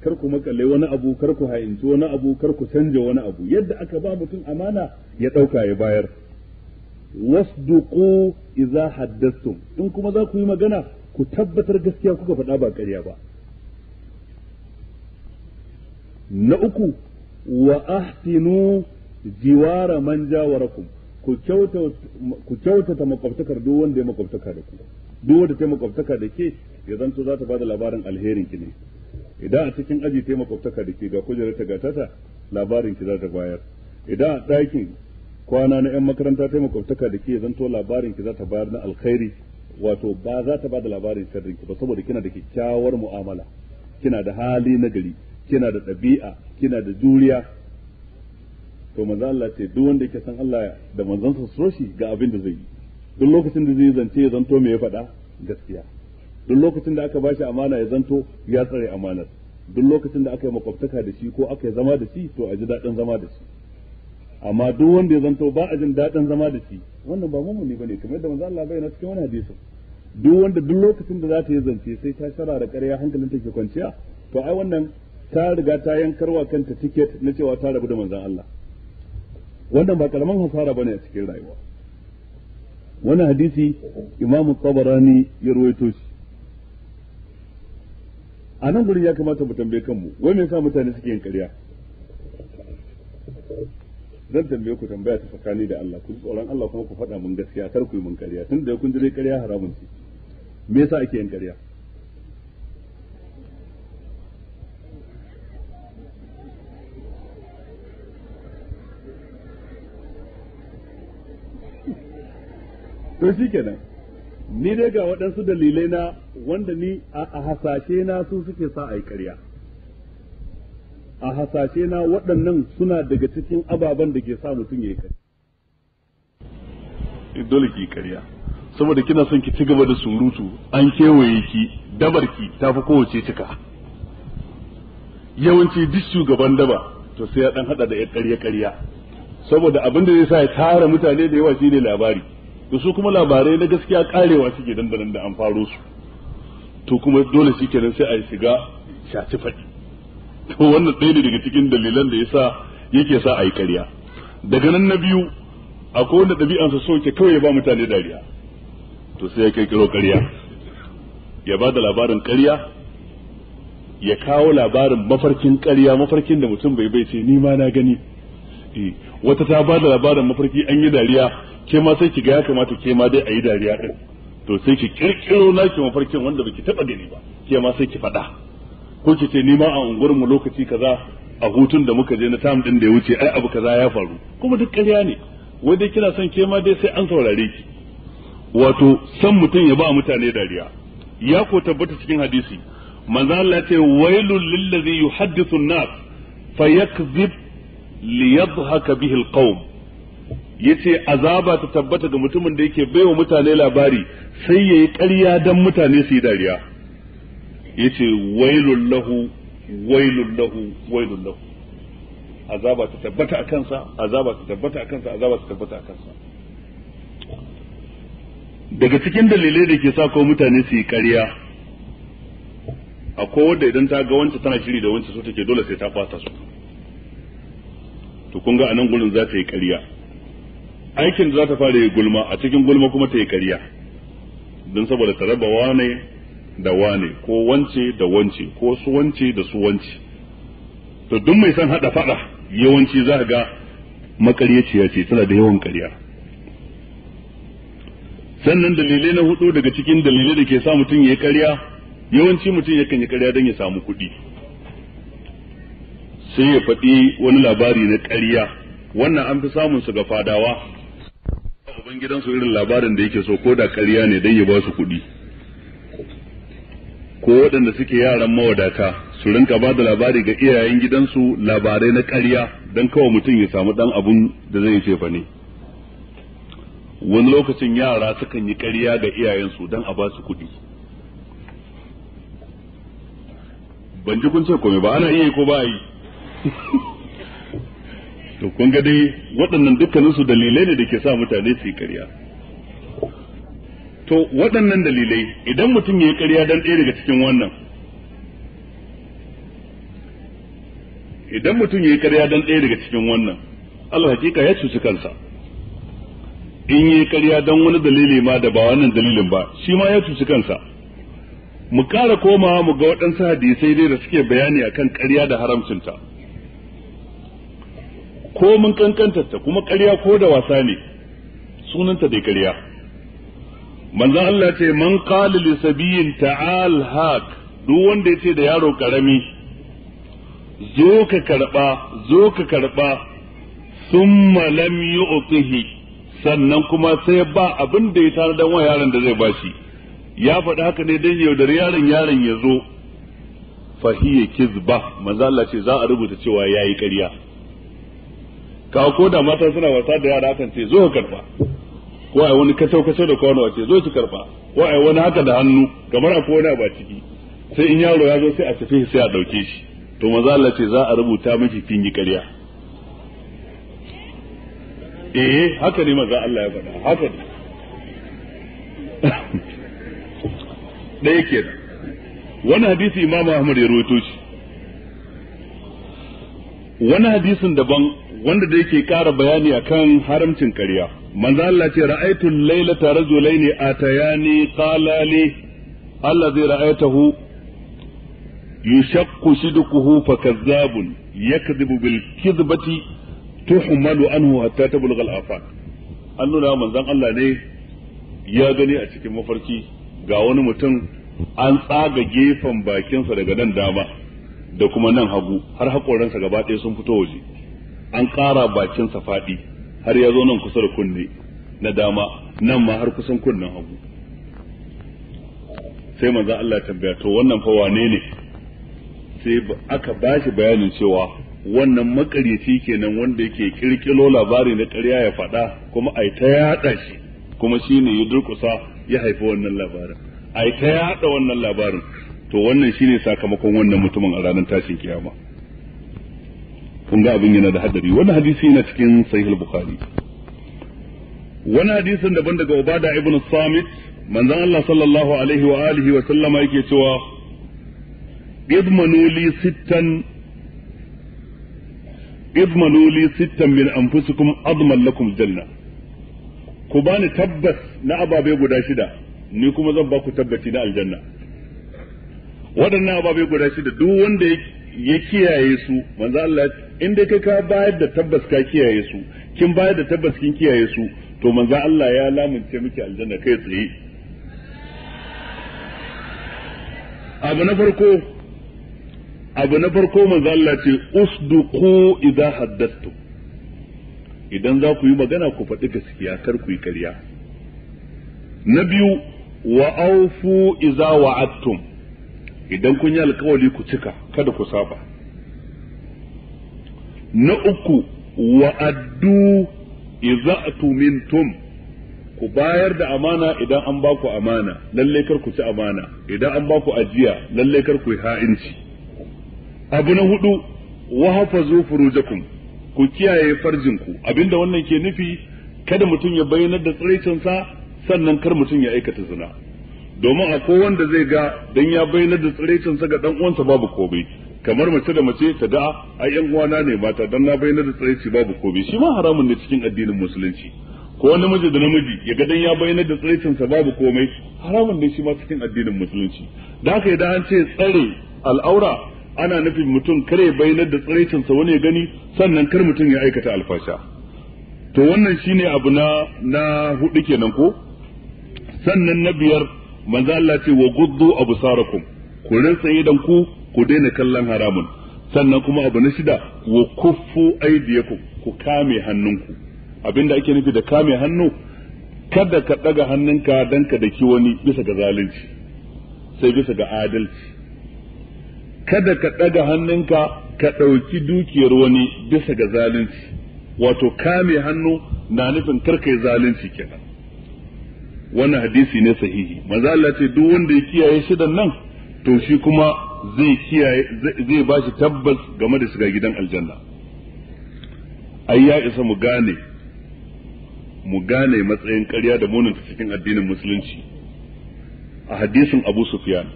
kar ku makalle wani abu kar ku hayinci wani abu kar ku canja wani abu yadda aka ba mutum amana ya dauka ya bayar wasduqu idza haddathtum in kuma za ku yi magana ku tabbatar gaskiya kuka faɗa ba ƙarya ba na uku wa ahtinu jiwara man jawarakum ku kyautata makwabtakar duk wanda ya makwabtaka da ku duk wanda ta makwabtaka da ke ya zanto za ta bada labarin alherin ki ne idan a cikin aji ta makwabtaka da ke ga kujerar ta gatata labarin ki za ta bayar idan a ɗakin kwana na 'yan makaranta ta makwabtaka da ke zanto labarin ki za ta bayar na alkhairi wato ba za ta bada labarin sharrin ki ba saboda kina da kyakkyawar mu'amala kina da hali na gari kina da ɗabi'a kina da juriya to manzo Allah ce duk wanda yake san Allah da manzansa so shi ga abin da zai yi duk lokacin da zai zance ya zanto me ya faɗa gaskiya duk lokacin da aka ba shi amana ya zanto ya tsare amanar duk lokacin da aka yi makwabtaka da shi ko aka yi zama da shi to a ji daɗin zama da shi amma duk wanda ya zanto ba a jin daɗin zama da shi wannan ba ba bane kamar yadda manzo Allah bayyana cikin wani hadisi duk wanda duk lokacin da za ta yi zance sai ta shara da ƙarya hankalin ta ke kwanciya to ai wannan ta riga ta yankarwa kanta tiket na cewa ta rabu da manzon Allah wannan ba karaman hasara bane a cikin rayuwa wannan hadisi imamu tabarani ya ruwaito shi a nan gurin ya kamata mu tambaye kanmu wai me yasa mutane suke yin ƙarya zan tambaye ku tambaya ta tsakani da Allah ku tsoron Allah kuma ku faɗa mun gaskiya kar ku yi mun ƙarya tun da kun ji ƙarya haramun ce me yasa ake yin ƙarya to shi kenan ni dai ga waɗansu dalilai na wanda ni a hasashe na su suke sa a yi karya a hasashe na waɗannan suna daga cikin ababen da ke sa mutum ya yi karya eh, dole ki karya saboda kina son ki ci gaba da surutu an kewaye ki dabar ki ta fi kowace cika yawanci duk shugaban daba to sai ya dan hada da ya karya karya saboda abin da zai sa ya tara mutane da yawa shine labari to su kuma labarai na gaskiya karewa suke dandanan da an faro su to kuma dole shi kenan sai a yi shiga shaci faɗi to wannan ɗaya ne daga cikin dalilan da yasa yake sa a yi ƙarya daga nan na biyu akwai wanda ɗabi'ansa so ke kawai ya ba mutane dariya to sai ya kiro ƙarya ya ba da labarin ƙarya ya kawo labarin mafarkin ƙarya mafarkin da mutum bai bai ce ni ma na gani wata ta ba da labarin mafarki an yi dariya ke ma sai ki ga ya kamata ke ma dai a yi dariya din to sai ki kirkiro naki mafarkin wanda baki taba gani ba ke ma sai ki faɗa ko ki ce ni a unguwar mu lokaci kaza a hutun da muka je na tam din da ya wuce ai abu kaza ya faru kuma duk ƙarya ne wai dai kina son ke ma dai sai an saurare ki wato san mutum ya ba mutane dariya ya ko tabbata cikin hadisi manzo Allah ya ce wailul lillazi yuhaddithu an-nas fayakzib liyadhaka bihi alqawm yace azaba ta tabbata ga mutumin da yake baiwa mutane labari sai yayi ƙarya dan mutane su yi dariya yace wailul lahu wailul lahu wailul lahu azaba ta tabbata a kansa azaba ta tabbata a kansa azaba ta tabbata a kansa daga cikin dalilai da ke sa ko mutane su yi ƙarya akwai wanda idan ta ga wancan tana shiri da wancan so take dole sai ta ɓata su to kun ga anan gurin za ta yi ƙarya aikin da za ta fara yi gulma a cikin gulma kuma ta yi ƙarya don saboda ta raba wane da wane ko wance da wance ko su wance da su wance to duk mai san hada fada yawanci za ga makaryaciya ce tana da yawan ƙarya sannan dalilai na hudu daga cikin dalilai da ke sa mutum ya yi ƙarya yawanci mutum yakan yi ƙarya don ya samu kuɗi sai ya faɗi wani labari na ƙarya wannan an fi samun su ga fadawa uban gidansu irin labarin da yake so ko da ƙarya ne don ya ba su kuɗi ko waɗanda suke yaran mawadata su rinka ba da labari ga iyayen gidansu labarai na ƙarya don kawai mutum ya samu ɗan abun da zai ce fa ne wani lokacin yara sukan yi ƙarya ga iyayensu don a ba su kuɗi ban ji kun ce kome ba ana iya ko ba yi to kun ga dai waɗannan dukkaninsu dalilai ne da ke sa mutane su yi ƙarya to waɗannan dalilai idan mutum ya yi ƙarya don ɗaya daga cikin wannan idan mutum ya yi ƙarya don ɗaya daga cikin wannan Allah hakika ya cuci kansa in yi ƙarya don wani dalili ma da ba wannan dalilin ba shi ma ya cuci kansa mu ƙara komawa mu ga waɗansu hadisai dai da suke bayani akan ƙarya da haramcinta ko mun kankantarta kuma ƙarya ko da wasa ne sunanta dai ƙarya manzon Allah ce man qala li sabiyin ta'al haq duk wanda yace da yaro karami zo ka karba zo ka karba thumma lam yu'tihi sannan kuma sai ba abin da ya tare da wani yaron da zai bashi ya faɗi haka ne dan yaudar yaron yaron ya zo fahiya kizba manzo Allah ce za a rubuta cewa yayi ƙarya ka ko da mata suna wasa da yara kan ce zo ka karba ko ai wani kasau kasau da kwano ce zo ki karba ko ai wani haka da hannu kamar a kona ba ciki sai in yaro ya zo sai a tafi sai a dauke shi to maza Allah ce za a rubuta miki kin yi ƙarya eh haka ne maza Allah ya faɗa haka ne ɗaya kenan wani hadisi imamu Ahmad ya rawaito shi wani hadisin daban wanda da yake ƙara bayani akan haramcin ƙarya manzo Allah ce ra'aytu laylata rajulaini atayani qala li allazi ra'aytahu yushaqqu sidquhu fakazzabun yakdhibu bil kidbati tuhmalu anhu hatta tablugha al afaq an nuna manzon Allah ne ya gani a cikin mafarki ga wani mutum an tsaga gefen bakinsa daga nan dama da kuma nan hagu har haƙoransa gaba ɗaya sun fito waje an ƙara bakinsa faɗi har ya zo nan kusa da kunne na dama nan ma har kusan kunnen hagu sai manzo Allah tambaya to wannan fa wane ne sai aka bashi bayanin cewa wannan makaryaci kenan wanda yake kirkiro labari na ƙarya ya faɗa kuma ai ta yaɗa shi kuma shine ya durkusa ya haifi wannan labarin ai ta yaɗa wannan labarin to wannan shine sakamakon wannan mutumin a ranar tashin kiyama kun ga abin yana da hadari Wani hadisi yana cikin sahih al-bukhari wani hadisin daban daga ubada ibn samit manzon Allah sallallahu alaihi wa alihi wa sallama yake cewa idmanu li sittan idmanu li sittan min anfusikum adman lakum janna ku bani tabbas na ababe guda shida ni kuma zan ba ku tabbaci na aljanna waɗannan ababe guda shida duk wanda ya kiyaye su manzo Allah in dai kai ka bayar da tabbas ka kiyaye su kin bayar da tabbas kin kiyaye su to manzo Allah ya lamunce miki aljanna kai tsaye abu na farko abu na farko manzo Allah ce usduqu idha haddathtu idan za ku yi magana ku faɗi gaskiya kar ku yi karya. na biyu wa aufu idza wa'adtum idan kun yi alkawali ku cika kada ku saba na uku wa'addu iza'tu mintum ku bayar da amana idan an ba ku amana lalle kar ku ci amana idan an ba ku ajiya lalle kar ku yi ha'inci abu na hudu wa hafazu furujakum ku kiyaye farjinku abinda wannan ke nufi kada mutum ya bayyana da tsiraicinsa sannan kar mutum ya aikata zina domin ko wanda zai ga dan ya bayyana da sa ga dan uwansa babu komai kamar mace da mace ta da ai yan uwana ne mata dan na bayyana da tsiraici babu komai shi ma haramun ne cikin addinin musulunci ko namiji da namiji ya ga dan ya bayyana da sa babu komai haramun ne shi ma cikin addinin musulunci da haka idan an ce tsare al'aura ana nufin mutum kare bayyana da sa wani ya gani sannan kar mutum ya aikata alfasha to wannan shine abu na na hudu kenan ko sannan na biyar manzo Allah ce wa guddu absarakum ku rinsa idan ku ku daina kallon haramun sannan kuma abu na shida wa kuffu aydiyakum ku kame hannunku abinda ake nufi da kame hannu kada ka daga hannunka dan ka daki wani bisa ga zalunci sai bisa ga adalci kada ka daga hannunka ka ɗauki dukiyar wani bisa ga zalunci wato kame hannu na nufin karkai zalunci kenan wannan hadisi ne sahihi maza Allah ce duk wanda ya kiyaye shidan nan to shi kuma zai kiyaye zai ba shi tabbas game da shiga gidan aljanna ai ya isa mu gane mu gane matsayin ƙarya da munin cikin addinin musulunci a hadisin Abu Sufyan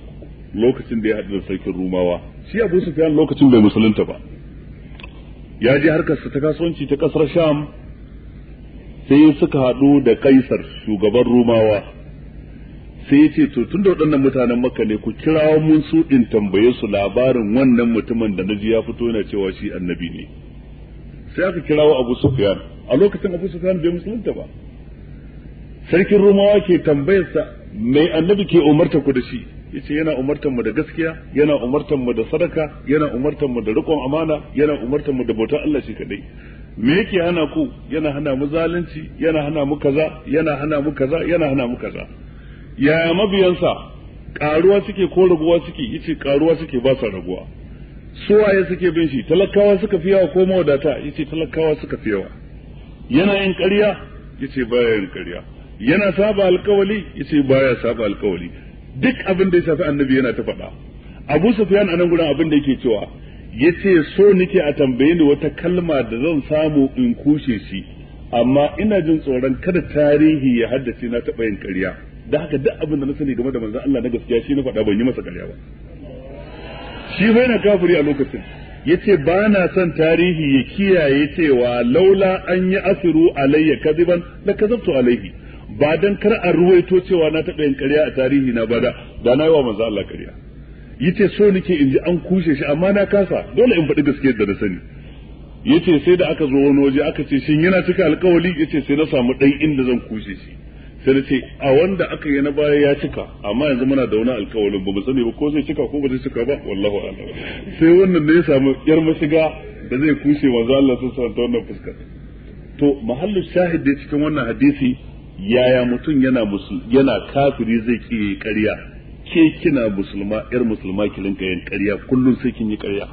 lokacin da ya hadu da sarkin Rumawa shi Abu Sufyan lokacin bai musulunta ba ya je harkarsa ta kasuwanci ta kasar Sham sai suka haɗu da kaisar shugaban rumawa sai ya ce to tun da waɗannan mutanen maka ne ku kirawo mun su in tambaye su labarin wannan mutumin da na ji ya fito yana cewa shi annabi ne sai aka kirawo abu sufyan a lokacin abu sufyan bai musulunta ba sarkin rumawa ke tambayarsa mai annabi ke umarta ku da shi Ya ce yana umartar mu da gaskiya yana umartar mu da sadaka yana umartar mu da riƙon amana yana umartar mu da bautar Allah shi kaɗai. me yake hana ku yana hana mu zalunci yana hana mu kaza yana hana mu kaza yana hana mu kaza yaya mabiyansa karuwa suke ko raguwa suke yace karuwa suke ba sa raguwa suwaye suke bin shi talakawa suka fi yawa ko mawadata yace talakawa suka fi yawa yana yin ƙarya yace baya yin ƙarya yana saba alkawali yace baya saba alkawali duk abin da ya shafi annabi yana ta faɗa Abu Sufyan anan gurin abin da yake cewa yace so nake a tambaye ni wata kalma da zan samu in kushe shi amma ina jin tsoron kada tarihi ya haddace na taɓa yin ƙarya da haka duk abin da na sani game da manzon Allah na gaskiya shi na faɗa ban yi masa ƙarya ba shi fa yana kafiri a lokacin yace ba na son tarihi ya kiyaye cewa laula an yi asiru alayya kadiban la kazabtu alayhi ba dan kar a ruwaito cewa na taɓa yin ƙarya a tarihi na ba da na yi wa manzon Allah ƙarya yace so nake in ji an kushe shi amma na kasa dole in faɗi gaskiyar da na sani yace sai da aka zo wani waje aka ce shin yana cika alkawali yace sai na samu ɗan inda zan kushe shi sai na ce a wanda aka yi na baya ya cika amma yanzu muna da wani alkawalin ba mu sani ba ko zai cika ko ba zai cika ba wallahu a'lam sai wannan ne ya samu yar mashiga da zai kushe manzo Allah sun san ta wannan fuska to mahallu shahid da cikin wannan hadisi yaya mutum yana musu yana kafiri zai ki ƙarya ke kina musulma yar musulma ki yin ƙarya kullum sai kin yi ƙarya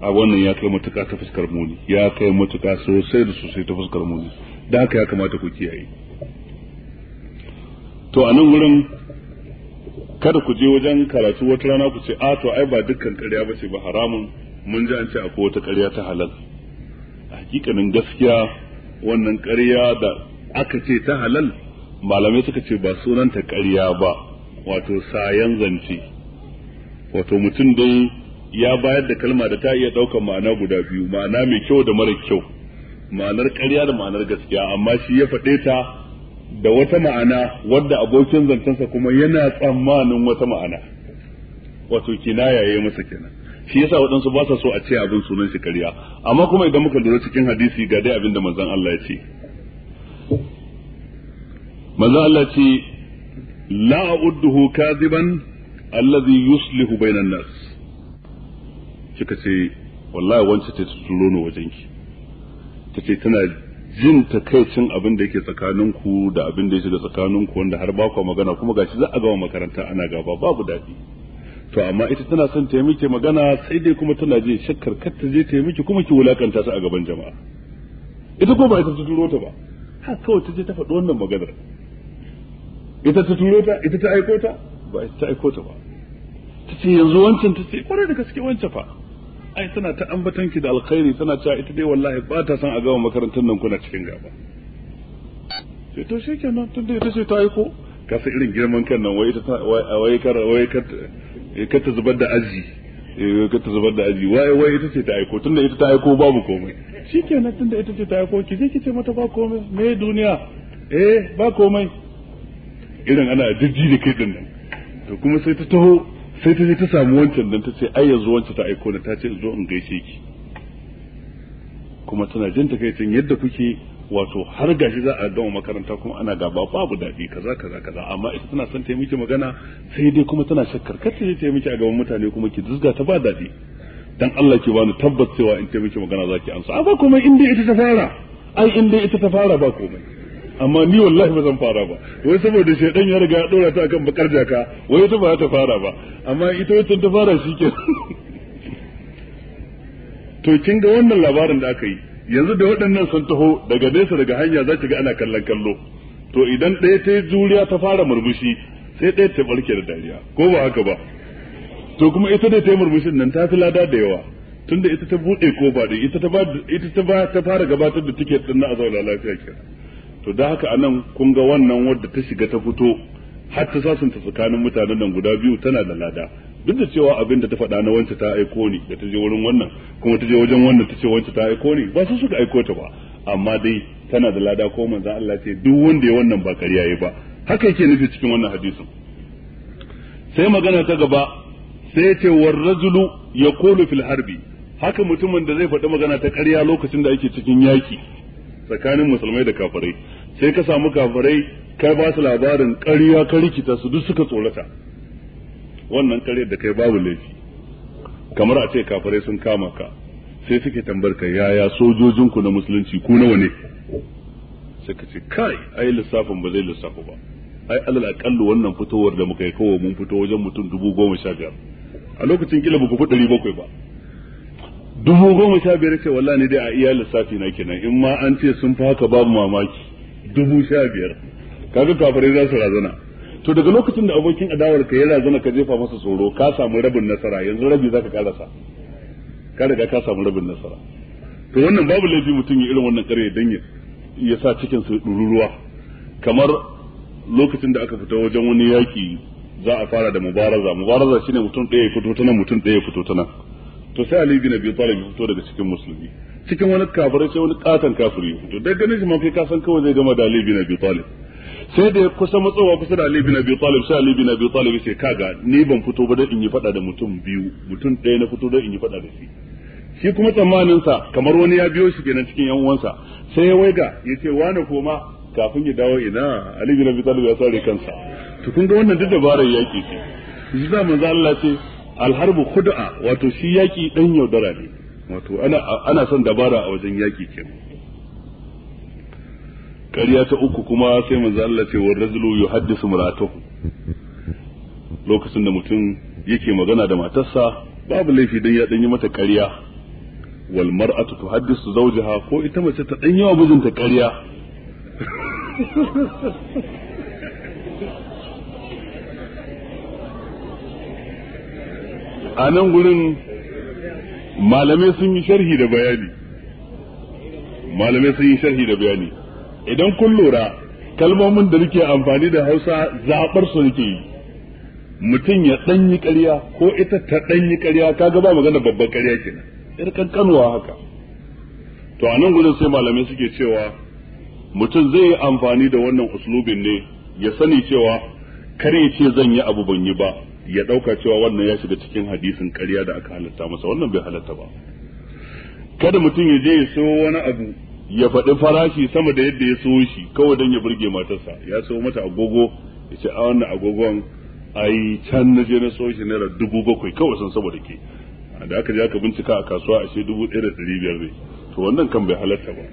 a wannan ya kai matuka ta fuskar muni ya kai matuka sosai da sosai ta fuskar muni da haka ya kamata ku kiyaye to a nan wurin kada ku je wajen karatu wata rana ku ce a to ai ba dukkan karya ba ce ba haramun mun ji an ce akwai wata karya ta halal a hakikanin gaskiya wannan karya da aka ce ta halal malamai suka ce ba sunanta ƙarya ba wato sayan zance wato mutum dai ya bayar da kalma da ta iya ɗaukar ma'ana guda biyu ma'ana mai kyau da mara kyau ma'anar ƙarya da ma'anar gaskiya amma shi ya faɗe ta da wata ma'ana wadda abokin zancensa kuma yana tsammanin wata ma'ana wato kinaya ya masa kenan shi yasa waɗansu ba sa so a ce abin sunan shi ƙarya amma kuma idan muka lura cikin hadisi ga dai abin da manzon Allah ya ce manzo Allah ce la a'udduhu kaziban allazi yuslihu bainan nas kika ce wallahi wance ta tsuro ne wajenki tace tana jin takaicin abin da yake tsakaninku da abin da ya tsakanin tsakaninku wanda har ba ku magana kuma gashi za a gama makaranta ana gaba babu daɗi to amma ita tana son ta miki magana sai dai kuma tana ji shakkar kar ta je ta miki kuma ki wulakanta su a gaban jama'a ita ko ba ita ta turo ta ba har kawai ta je ta faɗi wannan maganar ita ta turo ta ita ta aiko ta ba ita ta aiko ta ba ta ce yanzu wancan ta ce kwarai da gaske wancan fa ai tana ta ambatan ki da alkhairi tana cewa ita dai wallahi ba ta san a gama makarantar nan kuna cikin gaba sai to shi kenan tun da ita ce ta aiko ka san irin girman kan nan wai ta wai kar wai kar ta eh, zubar da aji eh, ka ta zubar da aji wai wai ita ce ta aiko tun da ita ta aiko babu komai tun da ita ce ta aiko ki je ki ce mata ba komai me duniya eh ba komai irin ana jirgi da kai din nan to kuma sai ta taho sai ta je ta samu wancan dan ta ce ai yanzu wancan ta aiko na ta ce zo in gaishe ki kuma tana jin takaicin yadda kuke wato har gashi za a gama makaranta kuma ana gaba babu daɗi kaza kaza kaza amma ita tana son ta miki magana sai dai kuma tana shakkar kar ta miki a gaban mutane kuma ki dusga ta ba daɗi dan Allah ki bani tabbas cewa in ta yi miki magana za ki amsa a ba komai in ita ta fara ai in ita ta fara ba komai amma ni wallahi ba zan fara ba wai saboda shaidan ya riga ya dora ta akan bakar jaka wai ita ba ta fara ba amma ita wacce ta fara shi ke to kin ga wannan labarin da aka yi yanzu da waɗannan sun taho daga nesa daga hanya za ki ga ana kallon kallo to idan ɗaya ta yi juriya ta fara murmushi sai ɗaya ta barke da dariya ko ba haka ba to kuma ita da ta yi murmushin nan ta fi lada da yawa tunda ita ta buɗe ko ba ita ta ba ta fara gabatar da tiket ɗin na a zauna lafiya kenan to da haka anan kun ga wannan wadda ta shiga ta fito har ta sasanta tsakanin mutanen nan guda biyu tana da lada duk da cewa abin da ta faɗa na wancan ta aiko ne da ta je wurin wannan kuma ta je wajen wannan ta ce wancan ta aiko ne ba su suka aiko ta ba amma dai tana da lada ko manzan Allah ce duk wanda ya wannan ba ƙarya yayi ba haka yake nufi cikin wannan hadisin sai magana ta gaba sai ya ce war rajulu yaqulu fil harbi haka mutumin da zai faɗi magana ta ƙarya lokacin da ake cikin yaki tsakanin musulmai da kafirai sai ka samu kafirai kai ba su labarin ƙarya ka rikita su duk suka tsorata wannan ƙarya da kai babu laifi kamar a ce kafirai sun kama ka sai suke tambar ka yaya sojojinku na musulunci ku nawa ne suka ce kai ai lissafin ba zai lissafu ba ai alal aqallu wannan fitowar da muka yi kawo mun fito wajen mutum dubu goma sha biyar a lokacin kila ba ku fi ɗari bakwai ba dubu goma sha biyar ce wallahi ne dai a iya lissafi na kenan in ma an ce sun fi haka babu mamaki dubu sha biyar kaga kafare za su razana to daga lokacin da abokin adawar ka ya razana ka jefa masa tsoro ka samu rabin nasara yanzu rabi zaka karasa ka riga ka samu rabin nasara to wannan babu laifi mutum ya irin wannan kare dan ya sa cikin su dururuwa kamar lokacin da aka fita wajen wani yaki za a fara da mubaraza mubaraza shine mutum ɗaya ya fito ta nan mutum ɗaya ya fito ta nan to sai Ali bin Abi Talib ya fito daga cikin musulmi cikin wani kafirai sai wani katon kafiri ya fito daga ganin shi ma kai ka san kawai zai gama da Ali bin Abi Talib sai da kusa matsowa kusa da Ali bin Abi Talib sai Ali bin Abi Talib sai kaga ni ban fito ba dan in yi fada da mutum biyu mutum ɗaya na fito dan in yi fada da shi shi kuma tsammanin sa kamar wani ya biyo shi kenan cikin yan uwansa sai ya waiga ya ce wani koma kafin ya dawo ina Ali bin Abi Talib ya sare kansa to kun ga wannan duk dabarar yaki ce shi da manzo Allah ce alharbu khud'a wato shi yaki dan yaudara ne wato ana ana son dabara a wajen yaki kenan ƙarya ta uku kuma sai manzo Allah ce wa rajulu yuhaddisu mar'atuhu lokacin da mutum yake magana da matarsa babu laifi dan ya danyi mata ƙarya wal mar'atu tuhaddisu zawjaha ko ita mace ta danyi wa mijinta ƙarya a nan gurin malamai sun yi sharhi da bayani malamai sun yi sharhi da bayani idan kun lura kalmomin da nake amfani da hausa zaɓar su nake yi mutum ya ɗanyi ƙarya ko ita ta ɗanyi ƙarya kaga ba magana babban ƙarya kenan ir kankanuwa haka to a nan gudun sai malamai suke cewa mutum zai yi amfani da wannan uslubin ne ya sani cewa kar ya ce zan yi abu ban yi ba ya dauka cewa wannan ya shiga cikin hadisin ƙarya da aka halatta masa wannan bai halatta ba kada mutum ya je ya so wani abu ya faɗi farashi sama da yadda ya so shi kawai don ya burge matarsa ya so mata agogo ya ce a wannan agogon ai can na je na so shi naira dubu bakwai kawai san saboda ke da aka je aka bincika a kasuwa a ce dubu ɗaya da ɗari biyar ne to wannan kan bai halarta ba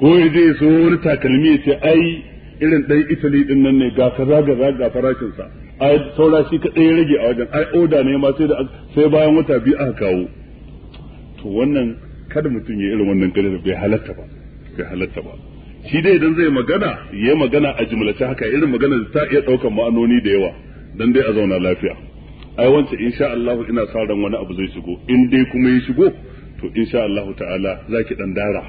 ko ya je ya so wani takalmi ya ce ai irin ɗan italy ɗin nan ne ga kaza ga farashinsa ai saura shi kadai ya rage a wajen ai oda ne ma sai da sai bayan wata biyu aka kawo to wannan kada mutum ya irin wannan da bai halatta ba bai halatta ba shi dai idan zai magana ya magana a jumlace haka irin magana da ta iya daukan ma'anoni da yawa dan dai a zauna lafiya ai wance insha Allah ina sa ran wani abu zai shigo in dai kuma ya shigo to insha Allah ta'ala zaki dan dara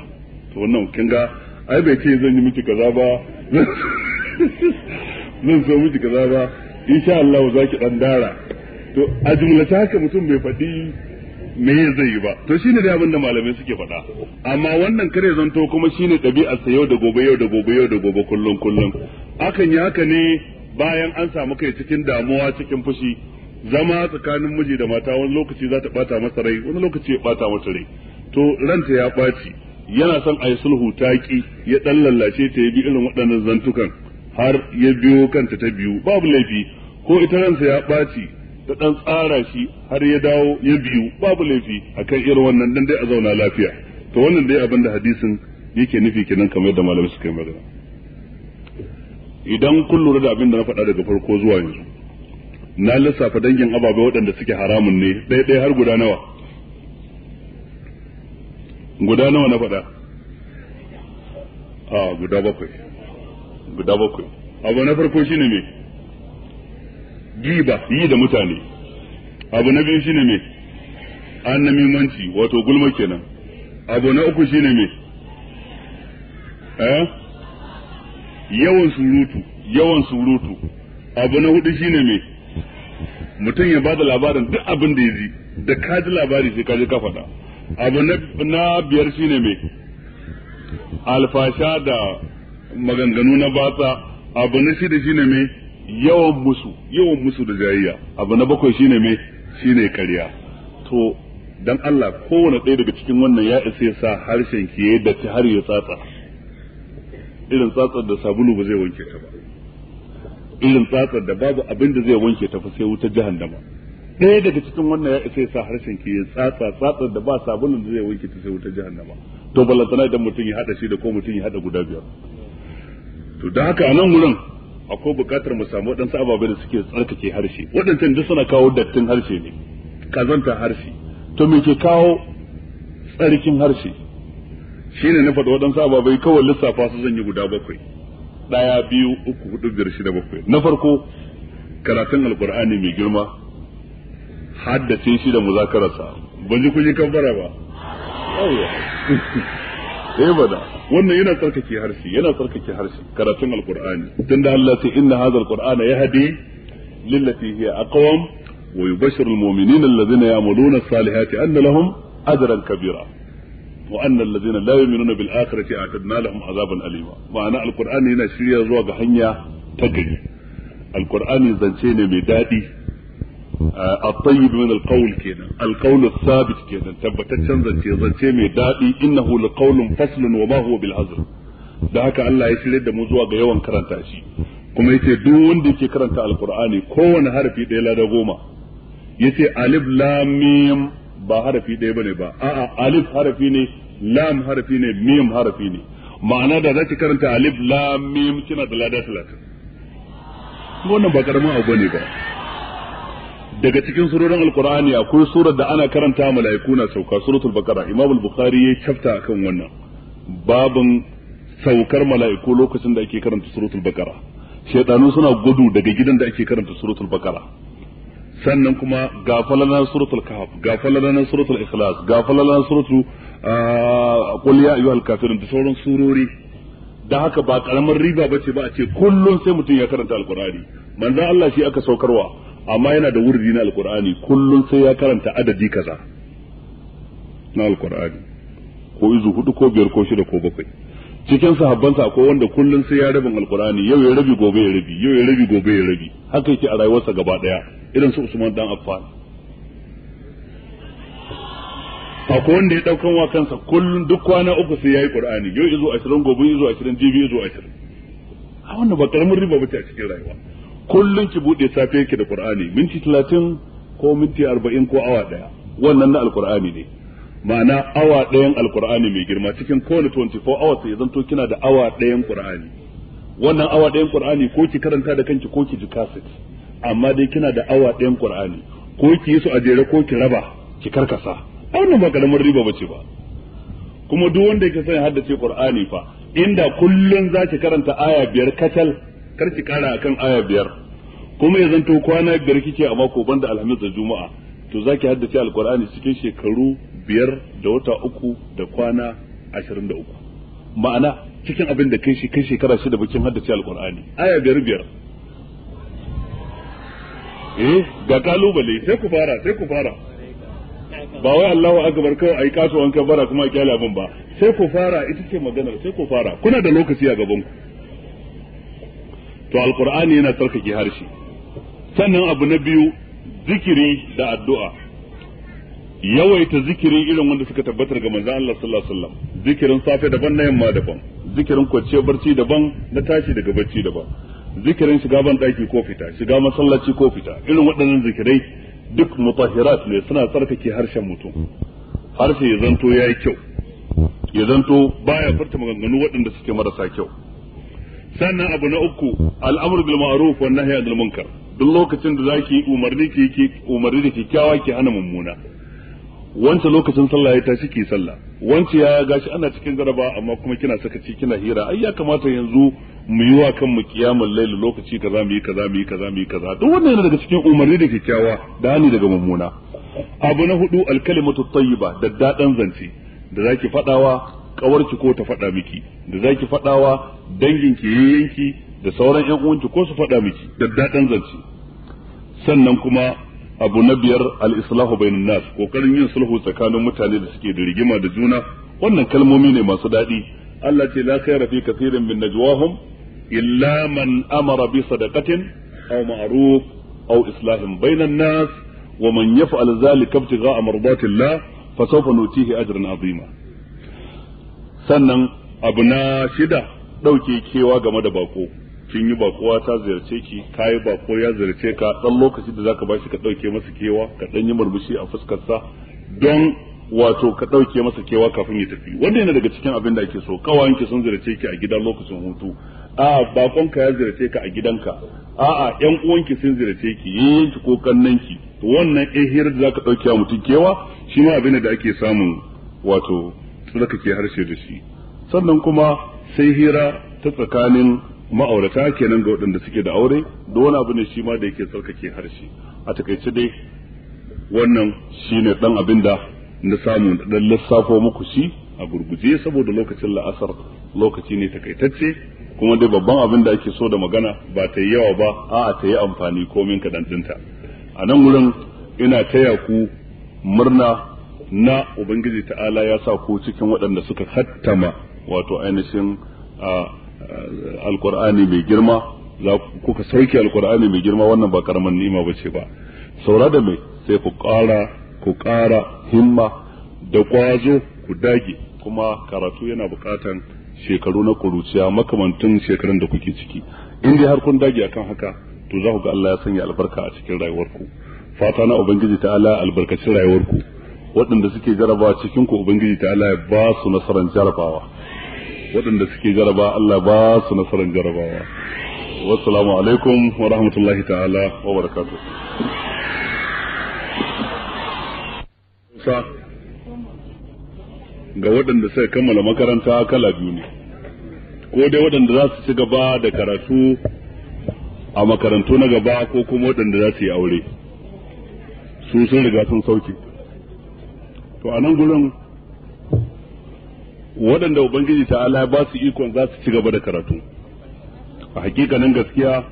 to wannan kin ga ai bai ce zan yi miki kaza ba zan so miki kaza ba insha Allah za ki dan dara to a jumlata haka mutum bai faɗi me zai yi ba to shine dai abin da malamai suke faɗa amma wannan kare zanto kuma shine ɗabi'ar sa yau da gobe yau da gobe yau da gobe kullun kullun. akan yi haka ne bayan an samu kai cikin damuwa cikin fushi zama tsakanin miji da mata wani lokaci za ta bata masa rai wani lokaci ya bata mata rai to ranta ya ɓaci yana son a yi sulhu taƙi ya ɗan lallace ta ya bi irin waɗannan zantukan har ya biyo kanta ta biyu babu laifi ko ita ransa ya ɓaci ta ɗan tsara shi har ya dawo ya biyu babu laifi a kan irin wannan dan dai a zauna lafiya to wannan dai abin da hadisin yake nufi kenan kamar yadda malamai suka yi magana idan kun lura da abin da na faɗa daga farko zuwa yanzu na lissafa dangin ababai waɗanda suke haramun ne ɗaya ɗaya har guda nawa guda nawa na faɗa a ah, guda bakwai guda bakwai abu na farko shine me giba yi da mutane abu na biyu shine me annamimanci wato gulma kenan abu na uku shine me eh yawan surutu yawan surutu abu na hudu shine me mutum ya bada labarin duk abin da ya ji da ka ji labari sai ka je ka faɗa abu na biyar shine me alfasha da maganganu na batsa abu na shida shine me yawan musu yawan musu da jayayya abu na bakwai shine me shine kariya to dan Allah kowane ɗaya daga cikin wannan ya isa ya sa harshen ki ya datti har ya tsatsa irin tsatsar da sabulu ba zai wanke ta ba irin tsatsar da babu abin da zai wanke ta fa sai wutar jahannama ɗaya daga cikin wannan ya isa ya sa harshen ki ya tsatsa tsatsar da ba sabulun da zai wanke ta sai wutar jahannama to ballantana idan mutum ya hada shi da ko mutum ya hada guda biyar to da haka a nan wurin akwai bukatar mu samu waɗansu ababe da suke tsarkake harshe waɗancan duk suna kawo dattin harshe ne kazanta harshe to me ke kawo tsarkin harshe shine na faɗa waɗansu ababe kawai lissafa su zan yi guda bakwai ɗaya biyu uku hudu biyar shida bakwai na farko karatun alkur'ani mai girma haddace shi da muzakararsa ban ji kun yi kafara ba sai bada wannan yana tsarkake harshe yana tsarkake harshe karatun alqur'ani tunda Allah ce inna hadha alqur'ana yahdi lillati hiya aqwam wa yubashshiru almu'minina alladhina ya'maluna as-salihati anna lahum ajran kabira wa anna alladhina la yu'minuna bil akhirati a'tadna lahum azaban alima ma'ana alqur'ani yana shirya zuwa ga hanya ta gari alqur'ani zance ne mai dadi الطيب من القول كذا القول الثابت كذا تبتتشن زنتي زنتي مي دادي انه لقول فصل وما هو بالعذر da haka Allah ya shirye da mu zuwa ga yawan karanta shi kuma yace duk wanda yake karanta alqur'ani kowane harfi ɗaya lada goma yace alif lam mim ba harafi ɗaya bane ba a'a alif harafi ne lam harafi ne mim harafi ne ma'ana da zaki karanta alif lam mim kina da lada 30 wannan ba karamin abu ne ba daga cikin surorin alkur'ani akwai surar da ana karanta mala'iku na sauka suratul bakara imam al-bukhari ya chafta akan wannan babin saukar mala'iku lokacin da ake karanta suratul bakara shaytanu suna gudu daga gidan da ake karanta suratul bakara. sannan kuma ga falalan suratul kahf ga falalan suratul ikhlas ga falalan suratul ah, qul ya ayyuhal kafirun da sauran surori da haka ba karamar riba bace ba a ce kullum sai mutum ya karanta alkur'ani manzon Allah shi aka saukarwa amma yana da wurdi na alkur'ani kullum sai ya karanta adadi kaza na alkur'ani ko izu hudu ko biyar ko shida ko bakwai cikin sahabbansa akwai wanda kullum sai ya rabin alkur'ani yau ya rabi gobe ya rabi yau ya rabi gobe ya rabi haka yake a rayuwarsa gaba daya irin su Usman dan Affan akwai wanda ya daukan wa kansa kullum duk kwana uku sai yayi qur'ani yau izu 20 gobe izu 20 jibi izu 20 a wannan ba karamin riba bace a cikin rayuwa kullum ki bude safe ki da qur'ani minti 30 ko minti 40 ko awa daya wannan na alqur'ani ne ma'ana awa ɗayan alqur'ani mai girma cikin kowane 24 hours ya zanto kina da awa ɗayan qur'ani wannan awa ɗayan qur'ani ko ki karanta da kanki ko ki ji cassette amma dai kina da awa ɗayan qur'ani ko ki yi su a jere ko ki raba ki karkasa wannan ba karamin riba bace ba kuma duk wanda yake son ya haddace qur'ani fa inda kullun zaki karanta aya biyar kacal. kar ki kara akan aya biyar kuma ya zanto kwana biyar kike a mako banda alhamis da juma'a to zaki haddace alqur'ani cikin shekaru biyar da wata uku da kwana ashirin da uku ma'ana cikin abin da kai shi kai shekara shida bakin haddace alqur'ani aya biyar biyar eh ga kalubale sai ku fara sai ku fara ba wai Allahu akbar kawai ai kasuwan bara kuma kyale abin ba sai ku fara ita ce maganar sai ku fara kuna da lokaci a gaban ku to alqur'ani yana tsarkake harshe sannan abu na biyu zikiri da addu'a yawaita zikiri irin wanda suka tabbatar ga manzon Allah sallallahu alaihi wasallam zikirin safe daban na yamma daban zikirin kwanciyar barci daban na tashi daga barci daban zikirin shiga ban daki ko fita shiga masallaci ko fita irin waɗannan zikirai duk mutahirat ne suna tsarkake harshen mutum harshe ya zanto yayi kyau ya zanto baya furta maganganu waɗanda suke marasa kyau sannan abu na uku al'amru bil ma'ruf wan nahyi anil munkar duk lokacin da zaki umarni ki ki umarni da kikkiawa ki hana mummuna wancan lokacin sallah ya tashi ki sallah wance ya gashi ana cikin garaba amma kuma kina sakaci kina hira ai ya kamata yanzu mu yi wa kanmu kiyamul layl lokaci kaza mu yi kaza mu yi kaza mu yi kaza duk wannan yana daga cikin umarni da kikkiawa da hani daga mummuna abu na hudu al kalimatu tayyiba da dadan zance da zaki fadawa kawarki ko ta faɗa miki da zaki faɗawa dangin ki yanki da sauran yan uwanki ko su faɗa miki da dadan zance sannan kuma abu na biyar al-islahu bainan nas kokarin yin sulhu tsakanin mutane da suke da rigima da juna wannan kalmomi ne masu daɗi Allah ce la khayra fi kathirin min najwahum illa man amara bi sadaqatin aw ma'ruf aw islahin bainan nas ومن يفعل ذلك ابتغاء مرضات الله فسوف نؤتيه اجرا عظيما sannan abu na shida ɗauke kewa game da bako kin yi bakowa ta ziyarce ki ka bako ya ziyarce ka dan lokaci da zaka bashi ka ɗauke masa kewa ka ɗan yi murmushi a fuskarsa don wato ka ɗauke masa kewa kafin ya tafi wanda yana daga cikin abin da ake so kawayenki sun ziyarce ki a gida lokacin hutu a ka ya ziyarce ka a gidanka a'a yan uwanki sun ziyarce ki yayyanki ko kannan to wannan ehir eh, da zaka ɗauke wa mutum kewa shi ne abin da ake samun wato ke harshe da shi sannan kuma sai hira ta tsakanin ma'aurata kenan ga waɗanda suke da aure da wani abu ne shi ma da yake tsarkake harshe a takaice dai wannan shi ne ɗan abin da na samu dan lissafo muku shi a gurguje saboda lokacin la'asar lokaci ne takaitacce kuma dai babban abin da ake so da magana ba ta yi yawa ba a'a ta yi amfani komin kaɗan ɗinta a nan wurin ina taya ku murna na ubangiji ta'ala ya sa ku cikin waɗanda suka hattama wato ainihin alkur'ani mai girma za kuka sauke alkur'ani mai girma wannan ba karaman ni'ima ba ce ba saura da mai sai ku ƙara ku ƙara himma da ƙwazo ku dage kuma karatu yana buƙatan shekaru na kuruciya makamantun shekarun da kuke ciki in dai har kun dage akan haka to za ku ga Allah ya sanya albarka a cikin rayuwarku fata na ubangiji ta'ala albarkacin rayuwarku waɗanda suke jaraba cikin ku ubangiji ta Allah ba su nasaran jarabawa waɗanda suke jaraba Allah ba su nasaran jarabawa wassalamu alaikum wa rahmatullahi ta'ala wa barakatuh ga waɗanda suka kammala makaranta kala biyu ne ko dai waɗanda za su ci gaba da karatu a makarantu na gaba ko kuma waɗanda za su yi aure su sun riga sun sauke to a nan gurin waɗanda ubangiji ta ala ba su ikon za su ci gaba da karatu a nan gaskiya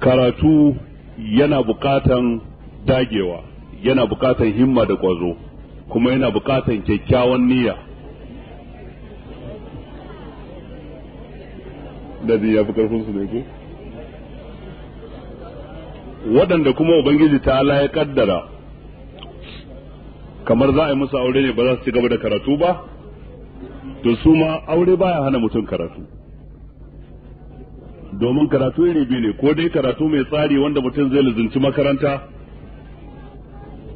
karatu yana bukatan dagewa yana bukatan himma da ƙwazo kuma yana bukatan kyakkyawan niyya da ya fi karfin su ne waɗanda kuma ubangiji ta ala ya kaddara kamar za a yi musu aure ne ba za su ci gaba da karatu ba to su ma aure baya hana mutum karatu domin karatu iri biyu ne ko dai karatu mai tsari wanda mutum zai lizinci makaranta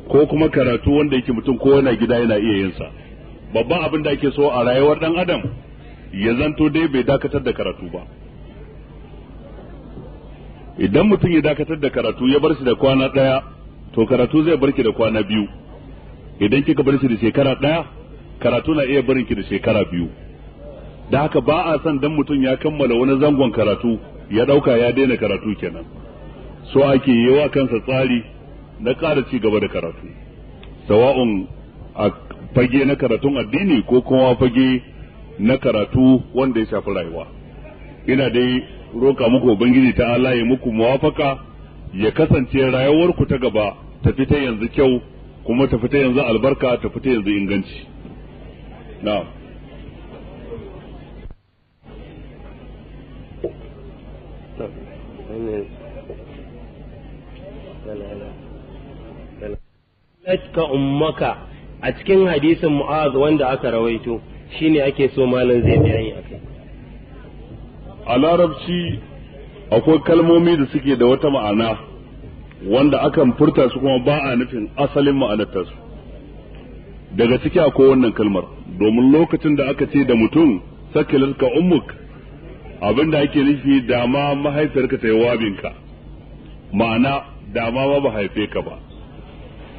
ko kuma karatu wanda yake mutum ko yana gida yana iya yinsa babban abin da ake so a rayuwar dan adam ya zanto dai bai dakatar da karatu ba idan mutum ya dakatar da karatu ya bar shi da kwana ɗaya to karatu zai bar ki da kwana biyu idan kika bar shi da shekara ɗaya karatu na iya barin ki da shekara biyu da haka ba a son dan mutum ya kammala wani zangon karatu ya ɗauka ya daina karatu kenan so ake yi wa kansa tsari na ƙara ci gaba da karatu sawa'un a fage na karatun addini ko kuma fage na karatu wanda ya shafi rayuwa ina dai roka muku ubangiji ta Allah ya muku muwafaka ya kasance rayuwar ku ta gaba ta fita yanzu kyau kuma ta fita yanzu albarka ta fita yanzu inganci na'am ka ummaka a cikin hadisin Mu'az wanda aka rawaito shine ake so malam zai bayani akai. a larabci akwai kalmomi da suke da wata ma'ana wanda akan furta su kuma ba a nufin asalin ma'anarta su daga ciki akwai wannan kalmar domin lokacin da aka ce da mutum sakilarka ummuk abinda ake nufi dama mahaifiyarka ta yi wabinka ma'ana dama ba ba haife ka ba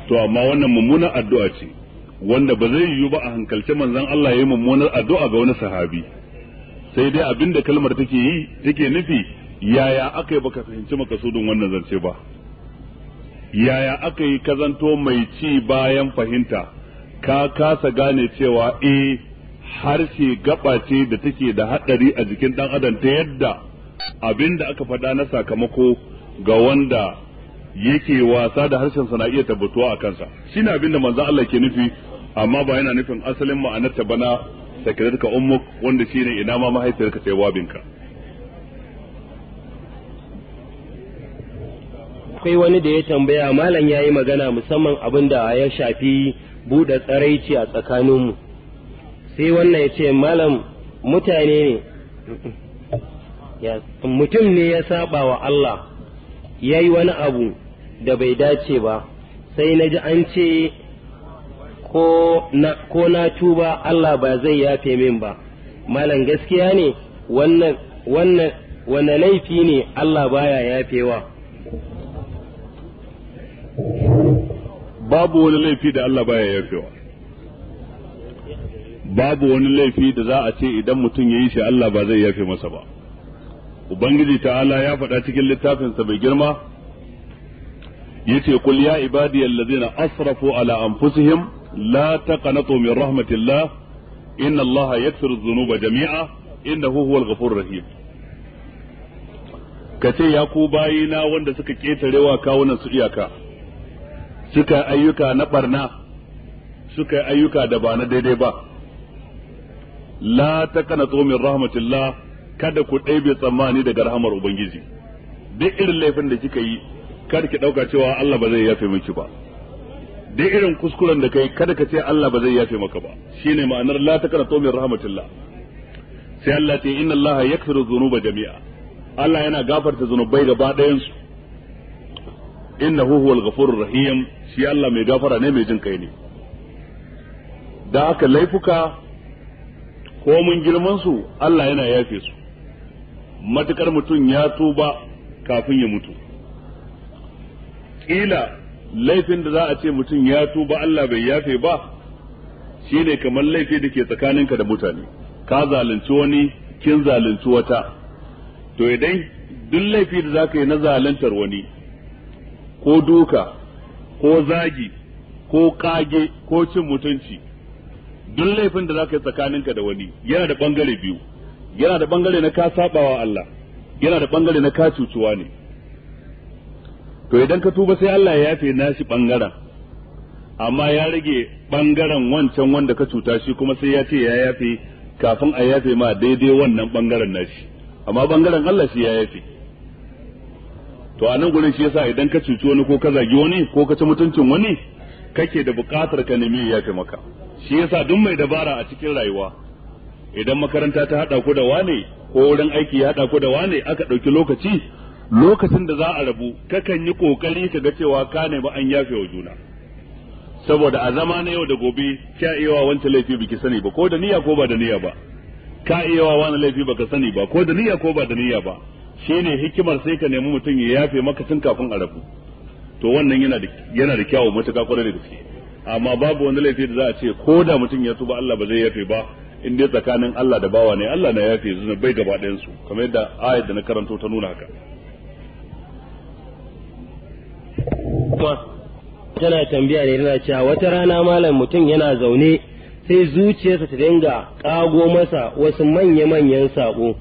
to amma wannan mummuna addu'a ce wanda ba zai yiwu ba a hankalce manzon Allah ya yi mummunar addu'a ga wani sahabi sai dai abinda kalmar take yi take nufi yaya aka yi baka fahimci makasudin wannan zance ba yaya aka yi kazanto mai ci bayan fahimta ka kasa gane cewa eh harshe gaba ce da take da haɗari a jikin ɗan adam ta yadda abinda aka faɗa na sakamako ga wanda yake wasa da harshen sana iya tabbatuwa a kansa shine abin da manzan Allah ke nufi amma ba yana nufin asalin ma'anar ta bana sakirirka ummuk wanda shine ina ma mahaifiyarka sai wabinka akwai wani da ya tambaya malam ya yi magana musamman abin da ya shafi buɗe tsaraici a tsakaninmu sai wannan ya ce malam mutane ne mutum ne ya saba wa Allah ya yi wani abu da bai dace ba sai na ji an ce ko na tuba Allah ba zai yafe min ba malam gaskiya ne wannan wannan wanne laifi ne Allah baya yafewa babu wani laifi da Allah baya yafewa babu wani laifi da za a ce idan mutum ya yi shi Allah ba zai yafe masa ba ubangiji ta'ala ya faɗa cikin littafinsa mai girma yace qul ya ladina asrafu ala anfusihim la taqnatu min rahmatillah inna allaha yaghfiru jami'a innahu huwal ghafurur rahim kace ya ku bayina wanda suka wa kawunan su iyaka suka ayyuka na barna suka ayyuka da ba na daidai ba la taqnatu min rahmatillah kada ku ɗaibe tsammani daga rahamar ubangiji duk irin laifin da kika yi kar ki ɗauka cewa Allah ba zai yafe miki ba da irin kuskuren da kai kada ka ce Allah ba zai yafe maka ba shine ma'anar la takratu min rahmatillah sai Allah ce inna Allah yakfiru dhunuba jami'a Allah yana gafarta zunubai gaba ɗayan su innahu huwal ghafurur rahim shi Allah mai gafara ne mai jin kai ne da aka laifuka ko mun girman su Allah yana yafe su matukar mutum ya tuba kafin ya mutu kila laifin da za a ce mutum ya tuba Allah bai yafe ba shine kamar laifi da ke tsakaninka da mutane ka zalunci wani kin zalunci wata to idan duk laifi da za ka yi na zaluntar wani ko duka ko zagi ko kage ko cin mutunci duk laifin da za ka yi tsakaninka da wani yana da bangare biyu yana da bangare na ka sabawa Allah yana da bangare na ka cuciwa ne to idan ka tuba sai Allah ya yafe nashi bangara amma ya rage bangaren wancan wanda ka cuta shi kuma sai ya ce ya yafe kafin a yafe ma daidai wannan bangaren nashi amma bangaren Allah shi ya yafe to a nan gurin shi yasa idan ka cuci wani ko ka zagi wani ko ka ci mutuncin wani kake da buƙatar ka nemi ya yafe maka shi yasa duk mai dabara a cikin rayuwa idan makaranta ta hada ku da wane ko wurin aiki ya hada ku da wane aka ɗauki lokaci lokacin da za a rabu kakan yi kokari ka ga cewa ka ba an yafe wa juna saboda a zama na yau da gobe ka iya wa wancan laifi biki sani ba ko da niyya ko ba da niyya ba ka iya wa wani laifi baka sani ba ko da niyya ko ba da niyya ba shine hikimar sai ka nemi mutum ya yafe maka tun kafin a rabu to wannan yana da yana da kyawu matuƙa kwarai da gaske amma babu wani laifi da za a ce ko da mutum ya tuba Allah ba zai yafe ba in dai tsakanin Allah da bawa ne Allah na yafe zuna bai gaba ɗayan su kamar yadda ayat da na karanto ta nuna haka tana tambaya ne tana cewa wata rana malam mutum yana zaune sai zuciyarsa ta dinga kago masa wasu manya-manyan sako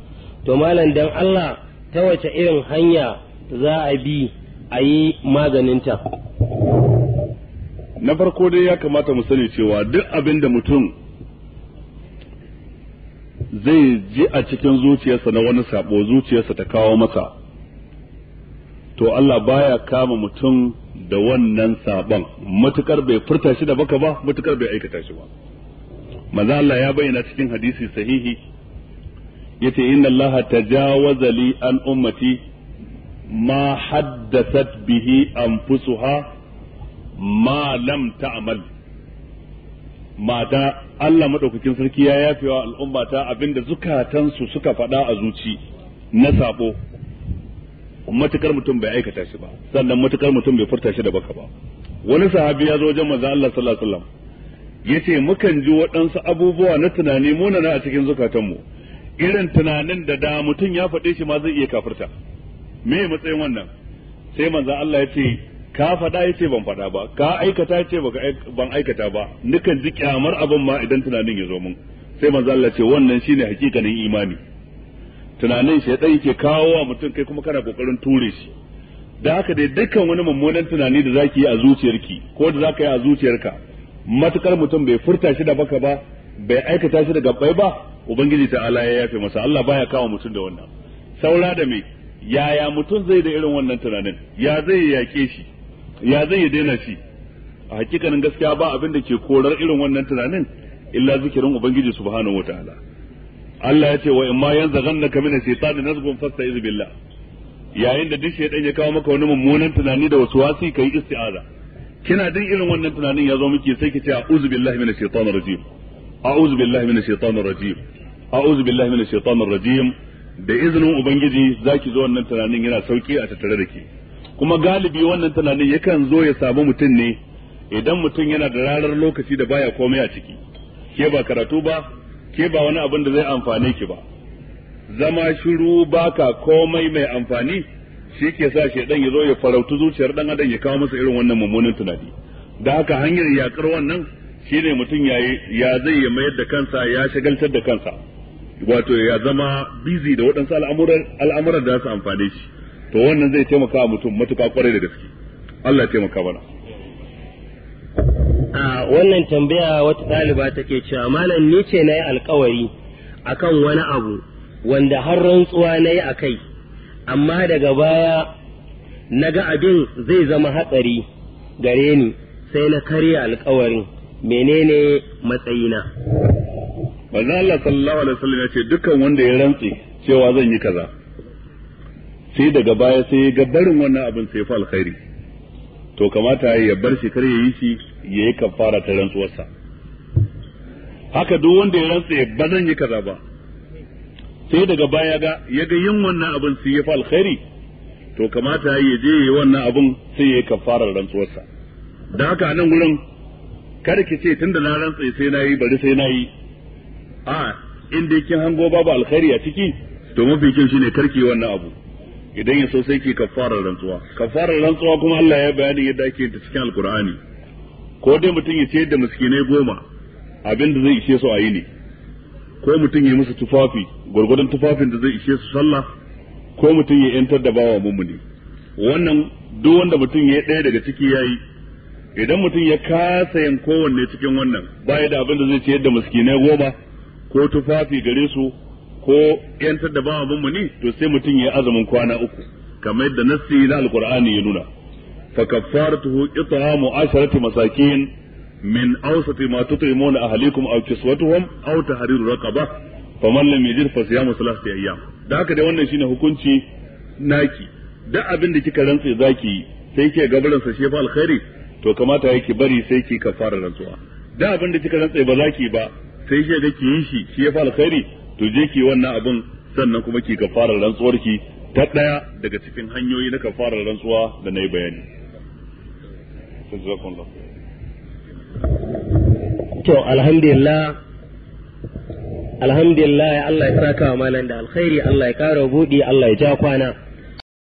to malam dan Allah ta wace irin hanya za a bi a yi maganinta na farko dai ya kamata mu sani cewa duk abin da mutum zai ji a cikin zuciyarsa na wani sabo zuciyarsa ta kawo masa to Allah baya kama mutum da wannan saban matukar bai furta shi da baka ba matukar bai aikata shi ba maza Allah ya bayyana cikin hadisi sahihi yace inna Allah tajawaza li an ummati ma haddathat bihi anfusuha ma lam ta'mal mata Allah madaukakin sarki ya yafewa al'ummata abinda zukatansu suka faɗa a zuci na sabo matukar mutum bai aikata shi ba sannan matukar mutum bai furta shi da baka ba wani sahabi ya zo wajen manzo Allah sallallahu alaihi wasallam yace mukan ji waɗansu abubuwa na tunani munana a cikin zukatanmu irin tunanin da da mutum ya faɗe shi ma zai iya kafirta me matsayin wannan sai manzo Allah yace ka faɗa yace ban faɗa ba ka aikata yace ban aikata ba nukan ji kyamar abin ma idan tunanin ya zo mun sai manzo Allah ce wannan shine hakikanin imani tunanin shi dan yake kawo wa mutum kai kuma kana kokarin ture shi da haka dai dukkan wani mummunan tunani da zaki yi a zuciyarki ko da zaka yi a zuciyarka matukar mutum bai furta shi da baka ba bai aikata shi da gabbai ba ubangiji ta ala ya yafe masa Allah baya kawo mutum da wannan saura da me yaya mutum zai da irin wannan tunanin ya zai yaƙe shi ya zai daina shi a hakikanin gaskiya ba abin da ke korar irin wannan tunanin illa zikirin ubangiji subhanahu wataala Allah ya ce wa imma yanzaghannaka mina ash-shaytani fasta fasta'iz billah yayin da duk shaytan ya kawo maka wani mummunan tunani da wasu wasi kai isti'aza kina din irin wannan tunanin ya zo miki sai ki ce a'udhu billahi minash shaitanir rajim a'udhu billahi minash shaitanir rajim a'udhu billahi minash shaitanir rajim da izinin ubangiji zaki zo wannan tunanin yana sauki a tattare da ke kuma galibi wannan tunanin yakan zo ya samu mutum ne idan mutum yana da rarar lokaci da baya komai a ciki ke ba karatu ba ke ba wani abin da zai amfane ki ba zama shiru baka komai mai amfani shi ke sa shi ya zo ya farautu zuciyar dan adam ya kawo masa irin wannan mummunan tunani da haka hanyar yakar wannan shine mutum ya ya zai ya mayar da kansa ya shagaltar da kansa wato ya zama busy da waɗansu al'amuran da za su amfane shi to wannan zai taimaka mutum matuƙa kwarai da gaske Allah ya taimaka mana a wannan tambaya wata ɗaliba take cewa malam ni ce na yi alkawari akan wani abu wanda har rantsuwa na yi a kai amma daga baya na ga abin zai zama hatsari gare ni sai na karya alkawarin menene matsayina manzo Allah sallallahu alaihi wasallam ya ce dukkan wanda ya rantse cewa zan yi kaza sai daga baya sai ga barin wannan abin sai fa alkhairi to kamata ya bar shi kar ya yi shi ya yi kafara ta rantsuwarsa haka duk wanda ya rantsa ba zan yi kaza ba sai daga baya ga ya ga yin wannan abin su ya fa alkhairi to kamata ya je yi wannan abin sai ya yi kafarar rantsuwarsa da haka nan wurin kada ki ce tunda na rantsa sai na yi bari sai na yi a in dai kin hango babu alkhairi a ciki to mafi kin kyau shine karki wannan abu idan ya so sai ki kafarar rantsuwa kafarar rantsuwa kuma Allah ya bayani yadda ake ta cikin alkur'ani ko dai mutum ya ce da miskinai goma abin da zai ishe su a yi ne ko mutum ya musu tufafi gwargwadon tufafin da zai ishe su sallah ko mutum ya yantar da bawa mummuni wannan duk wanda mutum ya ɗaya daga ciki ya yi idan mutum ya kasa yin kowanne cikin wannan baya da abin da zai ciyar da miskinai goma ko tufafi gare su ko yantar da bawa mummuni to sai mutum ya yi azumin kwana uku kamar yadda nassi na alkur'ani ya nuna فكفارته إطعام عشرة مساكين من أوسط ما تطعمون أهليكم أو كسوتهم أو تحرير رقبة فمن لم يجد فصيام ثلاثة أيام da haka dai wannan shine hukunci naki da abin da kika rantsa zaki sai ke gabaran sa shefa alkhairi to kamata yake bari sai ki kafara rantsuwa da abin da kika rantsa ba zaki ba sai shi ga ki yi shi shefa alkhairi to je ki wannan abun sannan kuma ki kafara rantsuwar ki ta daya daga cikin hanyoyi na kafarar rantsuwa da na yi bayani to alhamdulillah alhamdulillah Allah ya saka wa malam da alkhairi Allah ya kara buɗi Allah ya ja kwana